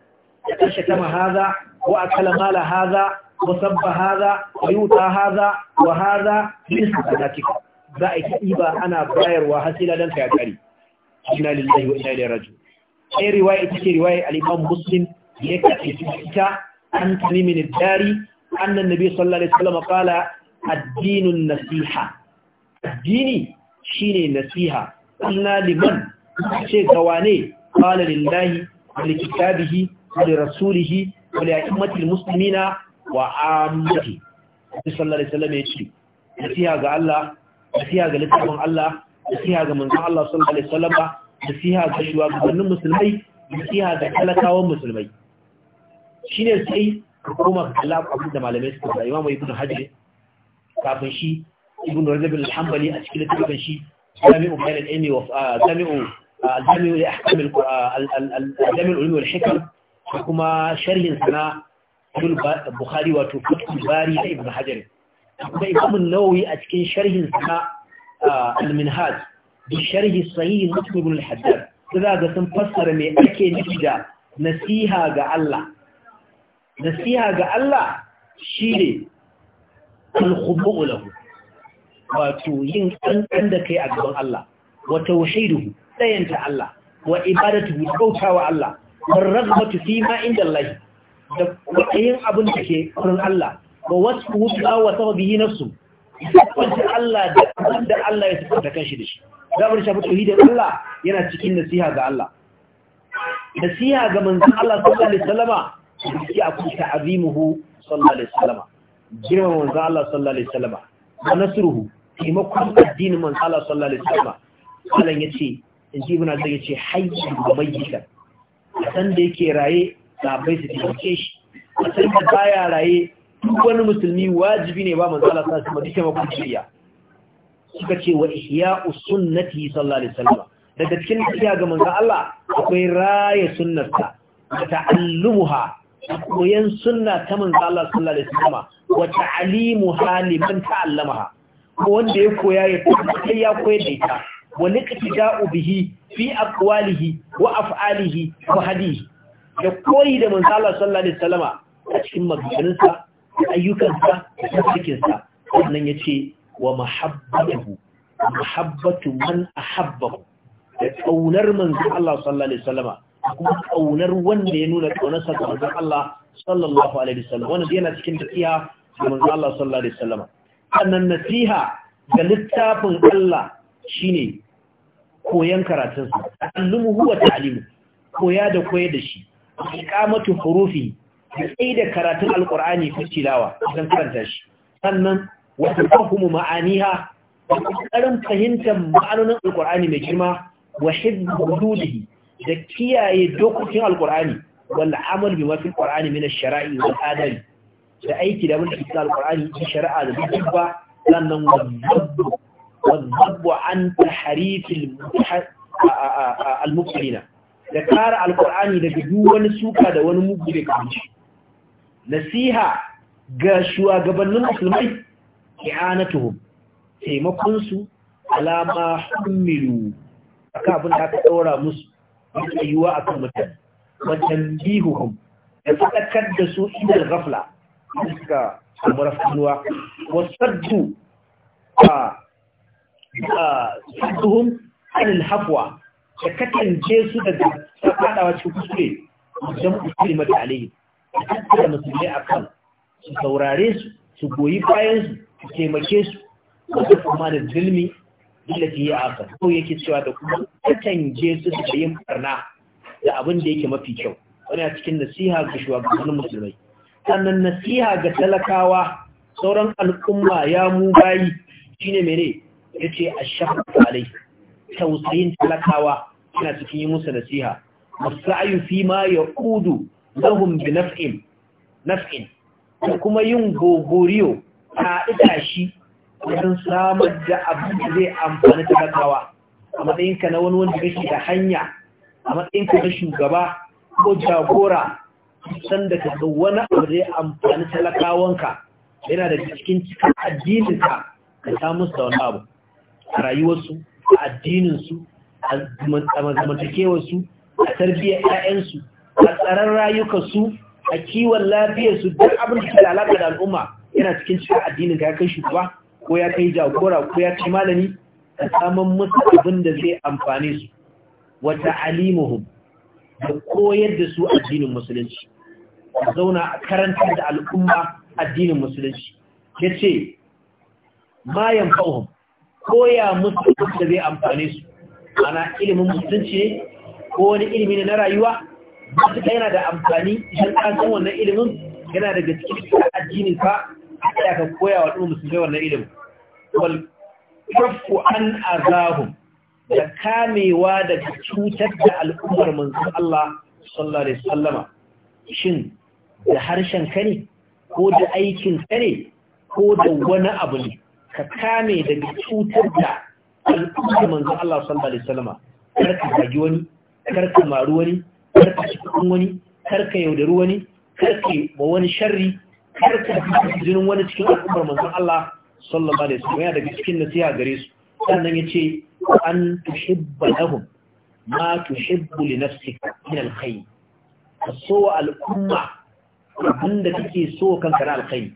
ya shatama haza wa akala mala haza wa sabba haza wa yuta haza wa haza min sadaqika za a yi iba ana bayarwa hasila dan ka kare inna lillahi wa inna ilaihi raji'un sai riwaya ita ce riwaya al-Imam Muslim ya kace ita an tamimin dari anna nabi sallallahu alaihi wasallam qala ad nasiha addini shine nasiha qulna liman ce ga wane qala lillahi ولرسوله ولأئمة المسلمين وعامته صلى الله عليه وسلم يتشي نسيها قال الله نسيها قال لتعبن الله نسيها قال من الله صلى الله عليه وسلم نسيها قال شواء قبل المسلمين nasiha ga talakawan musulmai shi ne sai kuma kallab abin da malamai suka da imamu ibn hajji kafin shi ibn rajab al-hanbali a cikin littafin shi jami'u bayan ilmi wa da kuma sharhin sana Bukhari wato Fathul Bari da Ibn Hajar kuma Imam an-Nawawi a cikin sharhin sana al-Minhaj bi sharhi sahih mutum ibn al-Haddad kaza ga sun fassara me ake nufi da nasiha ga Allah nasiha ga Allah shine al-khudu lahu wato yin kankan da kai a gaban Allah wa tauhiduhu tsayanta Allah wa ibadatu bautawa Allah warragmatu fi ma inda Allah da kwaɗayin abin da ke wurin Allah ba wasu wuta wa sama biyi nafsu kwanci Allah da abin da Allah ya sifanta kanshi da shi zaɓar shafi tauhidin Allah yana cikin nasiha ga Allah nasiha ga manzon Allah sallallahu alaihi wasallama gaskiya akwai ta'azimuhu sallallahu alaihi wasallama Girma manzon Allah sallallahu alaihi wasallama wa nasiruhu taimakon addinin manzon Allah sallallahu alaihi wasallama Allah yace in ji ibn Azar yace hayyan wa mayyitan a san da yake raye zaɓai su taimake shi a san da baya raye duk wani musulmi wajibi ne ba manzo Allah sallallahu alaihi taimakon suka ce wa ihya'u sunnati sallallahu alaihi wasallam daga cikin tafiya ga manzo Allah akwai raya sunnarsa da ta'allumuha koyan sunna ta manzala Allah sallallahu alaihi wasallam wa ta'limuha liman ta'allamaha ko wanda ya koya ya koya ya koyar da ita wa liqtida'u bihi fi akwalihi, wa af'alihi wa hadihi da koyi da manzo Allah sallallahu alaihi wasallama a cikin maganganunsa da ayyukansa da cikinsa wannan yace wa mahabbatuhu mahabbatu man ahabbahu da kaunar manzo Allah sallallahu alaihi wasallama kuma kaunar wanda ya nuna kaunarsa ga manzo Allah sallallahu alaihi wasallam wannan yana cikin tafiya ga manzo Allah sallallahu alaihi wasallama annan nasiha ga littafin Allah shine koyan karatunsu ta'allumuhu wa ta'limu koya da koya da shi iqamatu hurufi sai da karatun alqur'ani fi tilawa idan karanta shi sannan wa tafahmu ma'aniha karin fahimtar ma'anonin alqur'ani mai girma wa hifdhudihi da kiyaye dokokin alqur'ani wal amal bima fi alqur'ani min ash-shara'i wal adab da aiki da mun cikin alqur'ani shari'a da dubba sannan wa والضب عن تحريف المبتلين da kara alkur'ani daga duk wani suka da wani mugu bai kamshi nasiha ga shugabannin musulmai i'anatuhum taimakon su alama hummilu akan abin da aka daura musu tsayuwa akan mutane wa tanbihuhum da fadakar da su idal ghafla suka almarafinuwa wa saddu a Tuhun, anil hafwa da katanje su daga fadawa cikin kuskure don kusuri mata alaihi da tattara musulmai a kan su saurare su su goyi bayan su su taimake su wasu kuma da zulmi yi a kan ko yake cewa da kuma katanje su da yin barna da abin da yake mafi kyau wani a cikin nasiha ga shugabannin musulmai sannan nasiha ga talakawa sauran al'umma ya mu bayi shine mene yace a shafaqu tausayin talakawa yana cikin yi musu nasiha wasa'yu fi ma ya kudu lahum bi naf'in naf'in kuma yin gogoriyo ta ita shi wajen samar da abin da zai amfani talakawa a matsayinka na wani wanda kake da hanya a matsayinka na shugaba ko jagora san da ka wani abu zai amfani talakawanka yana da cikin cikin addininka ka samu da wani abu a rayuwarsu a addininsu a mazamantakewarsu a tarbiyyar 'ya'yansu a tsaron rayukansu a kiwon lafiyarsu duk abin da ke da alaƙa da al'umma yana cikin cikin addinin ka ya kai shugaba ko ya kai jagora ko ya kai malami a saman musu abin da zai amfane su wata alimuhum da koyar da su addinin musulunci a zauna a karanta da al'umma addinin musulunci ya ce ma yamfa'uhum koya musu da zai amfane su ana ilimin musulunci ko wani ilimi ne na rayuwa masu yana da amfani idan ka san wannan ilimin yana daga cikin addinin ka ya ka koya wa dukkan musulmai wannan ilimin wal kafu an azahum da kamewa da cutar da al'ummar manzo Allah sallallahu alaihi wasallama shin da harshen ka ne ko da aikin ka ne ko da wani abu ne ka kame daga cutar da al'ummar manzo Allah sallallahu alaihi wasallam kar ka zagi wani kar ka maru wani kar ka cikin wani kar ka yaudari wani kar ka ma wani sharri kar ka jinin wani cikin al'ummar manzo Allah sallallahu alaihi wasallam ya daga cikin nasiha gare su sannan ce an tuhibba lahum ma tuhibbu li nafsika min Ka so al'umma abinda kake so kanka na alkhair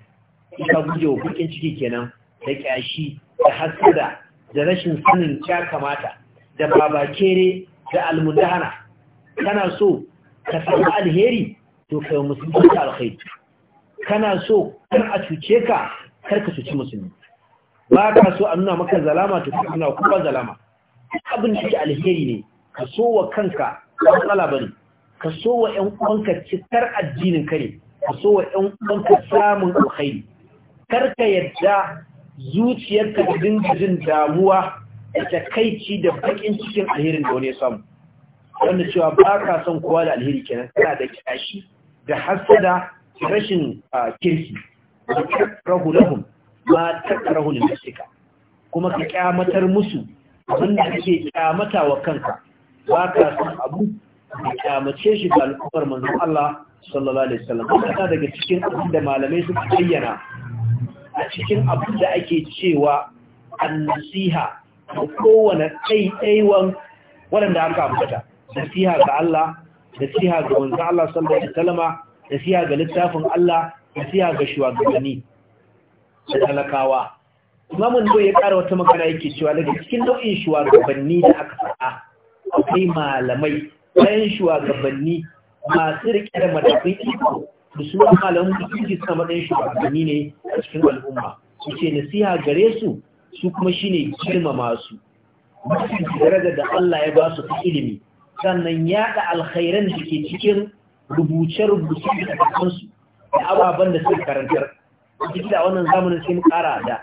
ka guje wa bakin ciki kenan da ƙyashi da hasada da rashin sanin ya kamata da babakere da almudahana kana so ka samu alheri to kai musulmi ka alkhairi kana so kar a cuce ka kar ka cuci musulmi ba ka so a nuna maka zalama to kuma nuna kuma zalama abin da ke alheri ne ka so wa kanka matsala bane ka so wa ƴan uwanka cikar addinin kare ka so wa ƴan uwanka samun alkhairi kar ka yadda zuciyarka da dinga damuwa da takaici da bakin cikin alherin da wani ya samu wanda cewa ba ka son kowa da alheri kenan tana da kyashi da hasada da rashin kirki da takrahu ma takrahu kuma ka kyamatar musu wanda ke kyamata wa kanka ba ka son abu da kyamace shi da al'ummar manzon Allah sallallahu alaihi wasallam daga cikin abin da malamai suka bayyana a cikin abin da ake cewa annasiha da kowane ɗaiɗaiwan waɗanda aka amfata. nasiha ga Allah nasiha ga wanzan Allah sallallahu alaihi wasallam nasiha ga littafin Allah nasiha ga shugabanni da talakawa imamun do ya ƙara wata magana yake cewa daga cikin nau'in shugabanni da aka faɗa akwai malamai bayan shugabanni masu riƙe da madafin da musulman malamin musulunci suna matsayin shugabanni ne a cikin al'umma su ce nasiha gare su su kuma shi ne girmama su mutunci daraja da Allah ya ba su ta ilimi sannan yaɗa alkhairan da ke cikin rubuce-rubuce da kakansu da ababen da suka karantar duk da wannan zamanin sai mu kara da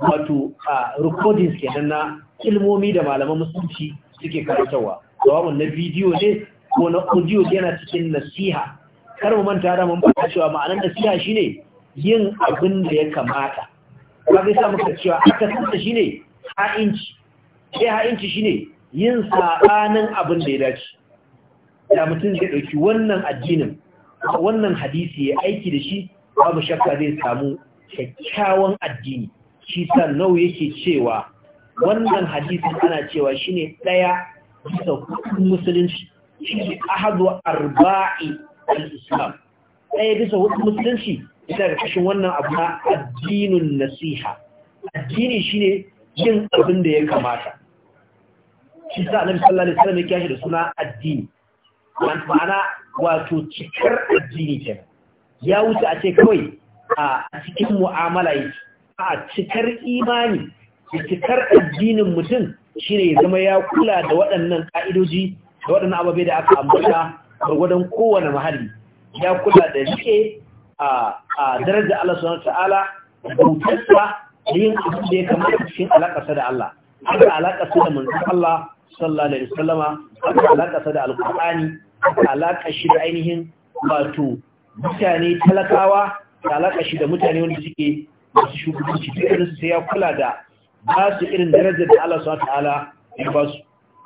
wato a recordings kenan na ilmomi da malaman musulunci suke karantarwa jawabin na bidiyo ne ko na audio yana cikin nasiha kar mu manta da mun faɗa cewa ma'anar nasiha shine yin abin da ya kamata ba zai samu muka cewa aka tsanta shine ha'inci sai ha'inci shine yin sabanin abin da ya dace da mutum zai dauki wannan addinin wannan hadisi ya aiki da shi babu shakka zai samu kyakkyawan addini shi nau yake cewa wannan hadisin ana cewa shine daya bisa musulunci shi ahadu arba'i al-islam ɗaya bisa hudu musulunci ita da kashin wannan abu na addinin nasiha addini shine yin abin da ya kamata shi sa annabi sallallahu alaihi wasallam ya kiyaye da suna addini ma'ana wato cikar addini kenan ya wuce a ce kawai a cikin mu'amala yake a cikar imani da cikar addinin mutum shine ya zama ya kula da waɗannan ka'idoji da waɗannan ababe da aka ambata gargwadon kowane mahalli ya kula da rike a daraja Allah subhanahu ta'ala bautarsa da yin abin da ya kamata cikin alaƙasa da Allah haka alaƙasa da manzon Allah sallallahu alaihi sallama haka alaƙasa da alƙur'ani haka alaƙa shi da ainihin wato mutane talakawa da alaƙa shi da mutane wanda suke masu shugabanci su sai ya kula da ba su irin darajar da Allah subhanahu ta'ala ya ba su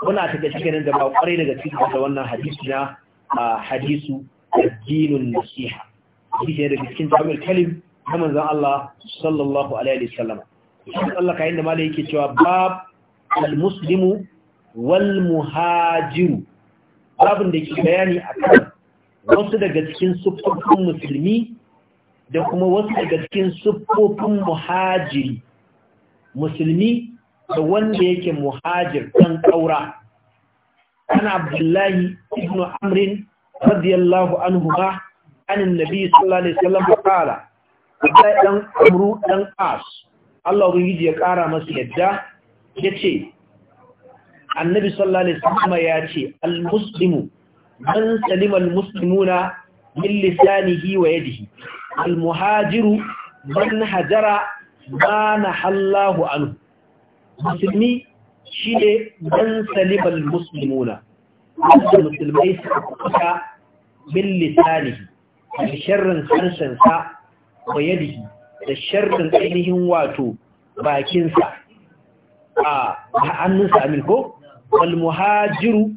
muna ta gaske nan da ba ƙwarai daga cikin da wannan hadisi na hadisu addinun nasiha hadisi ne daga cikin jami'ar kalim na manzon Allah sallallahu alaihi wasallam shi Allah kayan da malai yake cewa bab al-muslimu wal muhajiru babin da ke bayani akan wasu daga cikin siffofin musulmi da kuma wasu daga cikin siffofin muhajiri musulmi da wanda yake muhajir dan ƙaura عن عبد الله بن عمرو رضي الله عنهما عن النبي صلى الله عليه وسلم قال ɗan Amru ɗan As, Allah Ubangiji ya ƙara masa yadda, ya ce, Annabi sallallahu Alaihi Wasallama ya ce, Al-Muslimu, man salimal muslimuna min lisanihi wa yadihi, Al-Muhajiru, man ma na hallahu anhu. Musulmi shi ne ɗan salibar musulmuna wanda musulmai suka kuka bin lisanihi da sharrin sansan sa yadihi da sharrin ainihin wato bakinsa a hannunsa amin ko walmuhajiru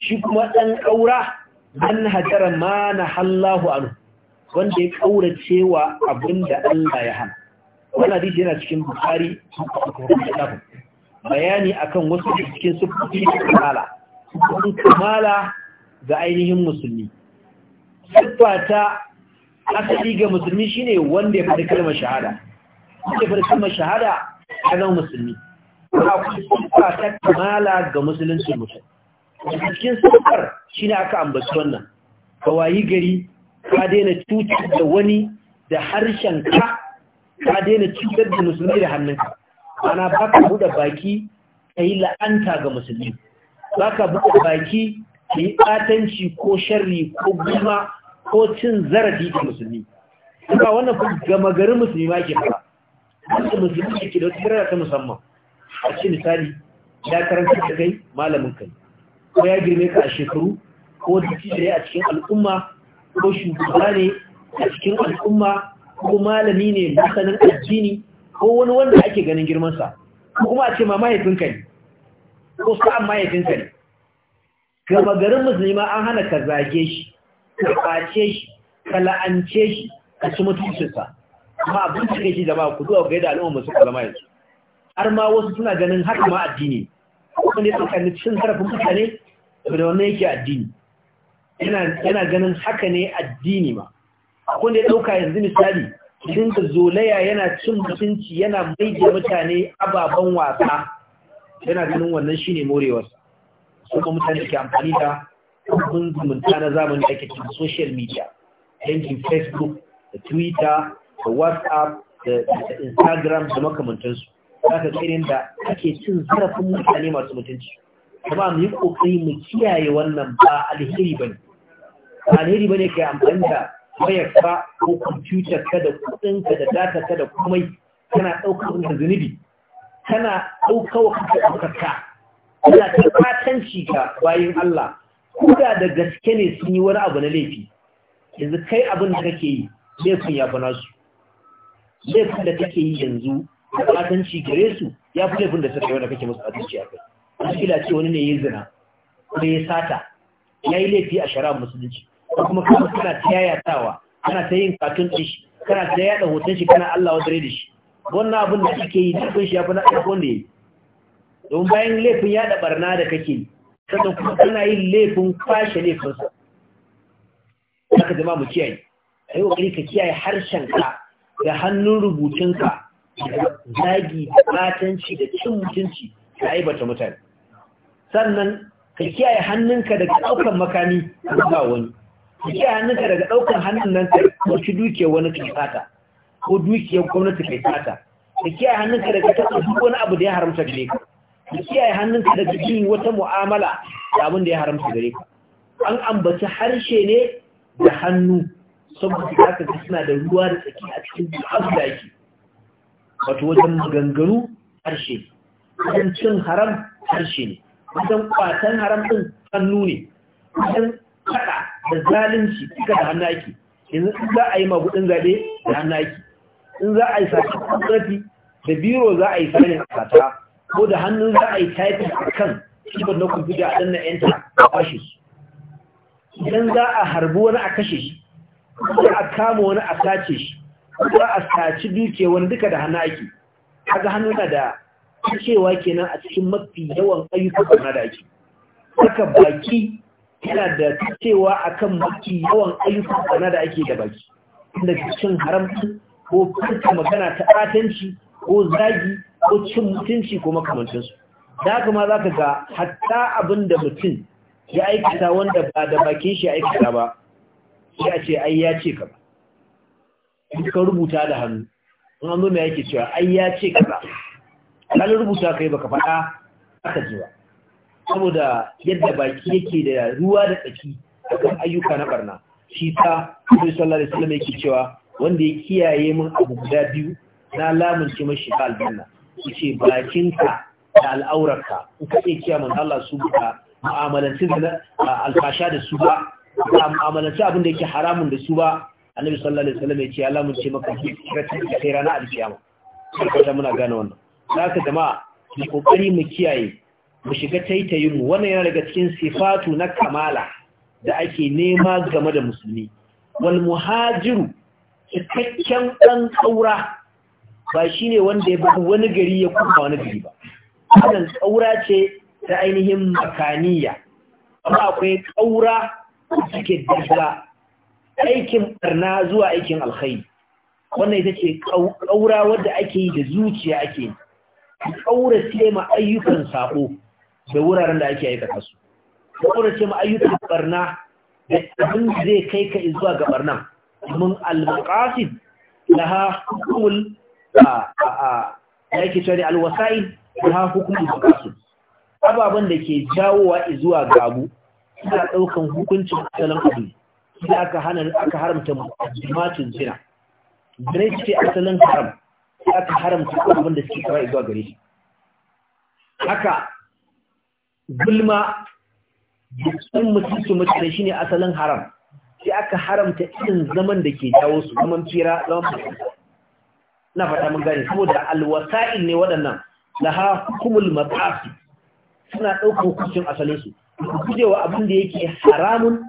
shi kuma ɗan ƙaura ɗan hajara ma na hallahu anu wanda ya ƙaura cewa abinda Allah ya hana wani hadisi yana cikin bukari bayani akan wasu cikin sufufi kamala sun kamala ga ainihin musulmi siffa ta asali ga musulmi shine wanda ya faɗi kalmar shahada wanda ya faɗi kalmar shahada ga zama musulmi siffa ta kamala ga musulunci mutum cikin siffar shine aka ambaci wannan ka wayi gari ka daina cutar da wani da harshen ka ka daina cutar da musulmi da hannunka ana ba ka buɗe baki ka yi la'anta ga musulmi ba ka buɗe baki ka yi ɓatanci ko sharri ko gulma ko cin zarafi ga musulmi ba wannan gama garin musulmi ma ke fara wanda musulmi ke da wata ta musamman a ce misali ya karanta da kai malamin kai ko ya girme ka a shekaru ko da a cikin al'umma ko shugaba ne a cikin al'umma ko malami ne masanin addini ko wani wanda ake ganin girmansa ko kuma a ce ma mahaifinka ne ko sa'an mahaifinka ne gama garin musulmi ma an hana ka zage shi ka ɓace shi ka la'ance shi ka ci mutuncinsa amma abin cike shi jama'a ku zuwa gaida al'umma musu kalama yanzu har ma wasu suna ganin haka ma addini kuma ne tsakanin cin zarafin mutane da wannan yake addini yana ganin haka ne addini ma akwai da ya ɗauka yanzu misali da zolaya yana cin mutunci yana mai da mutane ababen wasa yana ganin wannan shine morewar. su kuma mutane ke amfani da abin zumunta na zamani ake cikin social media yankin facebook da twitter da whatsapp da instagram da makamantansu za ka tsirin da ake cin zarafin mutane masu mutunci kuma mu yi kokari mu kiyaye wannan ba alheri ba ne alheri ba ne ke amfani da wayarka ko kwamfutar ka da kudinka da data ka da komai kana ɗaukar da zunubi kana ɗaukawa kake ɗaukarka kana ta fatanci ga bayan Allah kuda da gaske ne sun yi wani abu na laifi yanzu kai abin da kake yi laifin ya fi nasu laifin da kake yi yanzu da fatanci gare su ya fi laifin da suka yi wanda kake musu adalci a kai wani ce wani ne ya zina ko ya sata ya yi laifi a shari'ar musulunci ko kuma kuma kana ta yayatawa kana ta yin katun ɗin shi kana ta yaɗa hoton shi kana Allah wadare da shi wannan abin da kake yi dukkan shi ya fi na ko ne. yi don bayan laifin yaɗa barna da kake yi sannan kuma kana yin laifin kwashe laifinsa haka zama mu kiyaye a yi ƙoƙari ka kiyaye harshenka da hannun rubutunka da zagi da batanci da cin mutunci da aibata mutane sannan ka kiyaye hannunka daga ɗaukar makami ga wani ki hannunka daga ɗaukar hannun nan ka ɗauki dukiyar wani kai fata ko dukiyar gwamnati kai fata ka kiyaye hannunka daga taɓa duk wani abu da ya haramta gare ka ka kiyaye hannunka daga yin wata mu'amala da abin da ya haramta gare ka an ambaci harshe ne da hannu saboda ka ga suna da ruwa da tsaki a cikin abu da ake wato wajen maganganu harshe ne wajen cin haram harshe ne wajen kwatan haram ɗin hannu ne wajen da zalunci duka da hannu ake yanzu in za a yi magudin zaɓe da hannu ake in za a yi sata ƙarfi da biro za a yi sanin sata ko da hannun za a yi taifin a kan kibar na kwamfuta a danna yanta a kashe shi. idan za a harbi wani a kashe shi za a kama wani a sace shi za a saci duke wani duka da hannu ake kaga hannu na da cewa kenan a cikin mafi yawan ayyukan da ake saka baki yana da cewa akan maki yawan ayyukan sana da ake da baki inda cin haramci ko farka magana ta atanci ko zagi ko cin mutunci ko makamancinsu da haka ma za ka ga hatta abin da mutum ya aikata wanda ba da bakin shi aikata ba shi a ce ai ya ce ka ba ka rubuta da hannu in an zo mai yake cewa ai ya ce ka ba kana rubuta kai baka faɗa aka ji ba saboda yadda baki yake da ruwa da tsaki akan ayyuka na barna shi ta Nabi sallar da wasallam yake cewa wanda ya kiyaye min abu guda biyu na lamunce mashi ta aljanna ce bakinka da al'aurarka in ka iya kiyaye manzo Allah su ka mu'amalanci da alfasha da su ba ka mu'amalanci abin da yake haramun da su ba Annabi sallallahu alaihi wasallam Allah ya ce maka kiratin da kai rana alkiyama sai ka muna gane wannan zaka jama'a ki kokari mu kiyaye mu shiga taitayin mu wannan yana daga cikin sifatu na kamala da ake nema game da musulmi wal muhajiru cikakken ɗan ƙaura ba shine wanda ya bar wani gari ya kuma wani gari ba wannan ƙaura ce ta ainihin makaniya amma akwai ƙaura suke a aikin barna zuwa aikin alkhairi wannan ita ce ƙaura wadda ake yi da zuciya ake yi ƙaura sai ma ayyukan sako. da wuraren da ake aikata su Saboda ce ma ayyukan barna da abin zai kai ka zuwa ga barnan mun al-maqasid na ha hukumul a yake cewa al da ha hukumul maqasid ababen da ke jawowa zuwa ga abu suna ɗaukan hukuncin asalin abu sai aka hana aka haramta mutumacin zina zina ce asalin haram sai aka haramta abin da suke kawai zuwa gare shi haka gulma jikin da mutane ne asalin haram sai aka haramta irin zaman da ke jawo su zaman fira zaman fira na fata mun gani. saboda alwasa'in ne waɗannan ha hukumul matsafi suna ɗaukar hukuncin asalinsu ku wa abin da yake haramun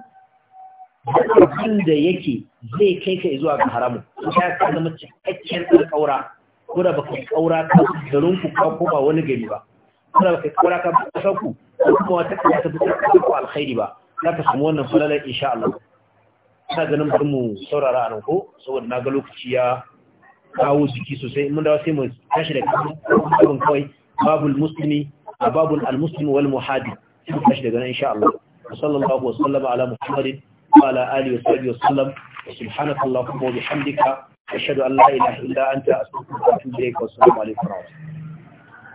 abin da yake zai kai ka zuwa ga haramun su ta ka zama cikakken ɗan ƙaura ko da baka ƙaura ka garinku ka koma wani gari ba ko da baka ƙaura ka ba ku ko kuma wata kaya ta ba za ka samu wannan falalar insha ganin bari mu saurara a nan ko na ga lokaci ya kawo jiki sosai mun dawa sai mu tashi daga kan kawai babul muslimi a babul almuslim wal muhadi sai tashi daga nan insha Allah sallallahu wa sallama ala muhammadin wa ala alihi wa sahbihi wa sallam subhanaka wa bihamdika ashhadu an la ilaha illa anta astaghfiruka wa wa assalamu wa rahmatullahi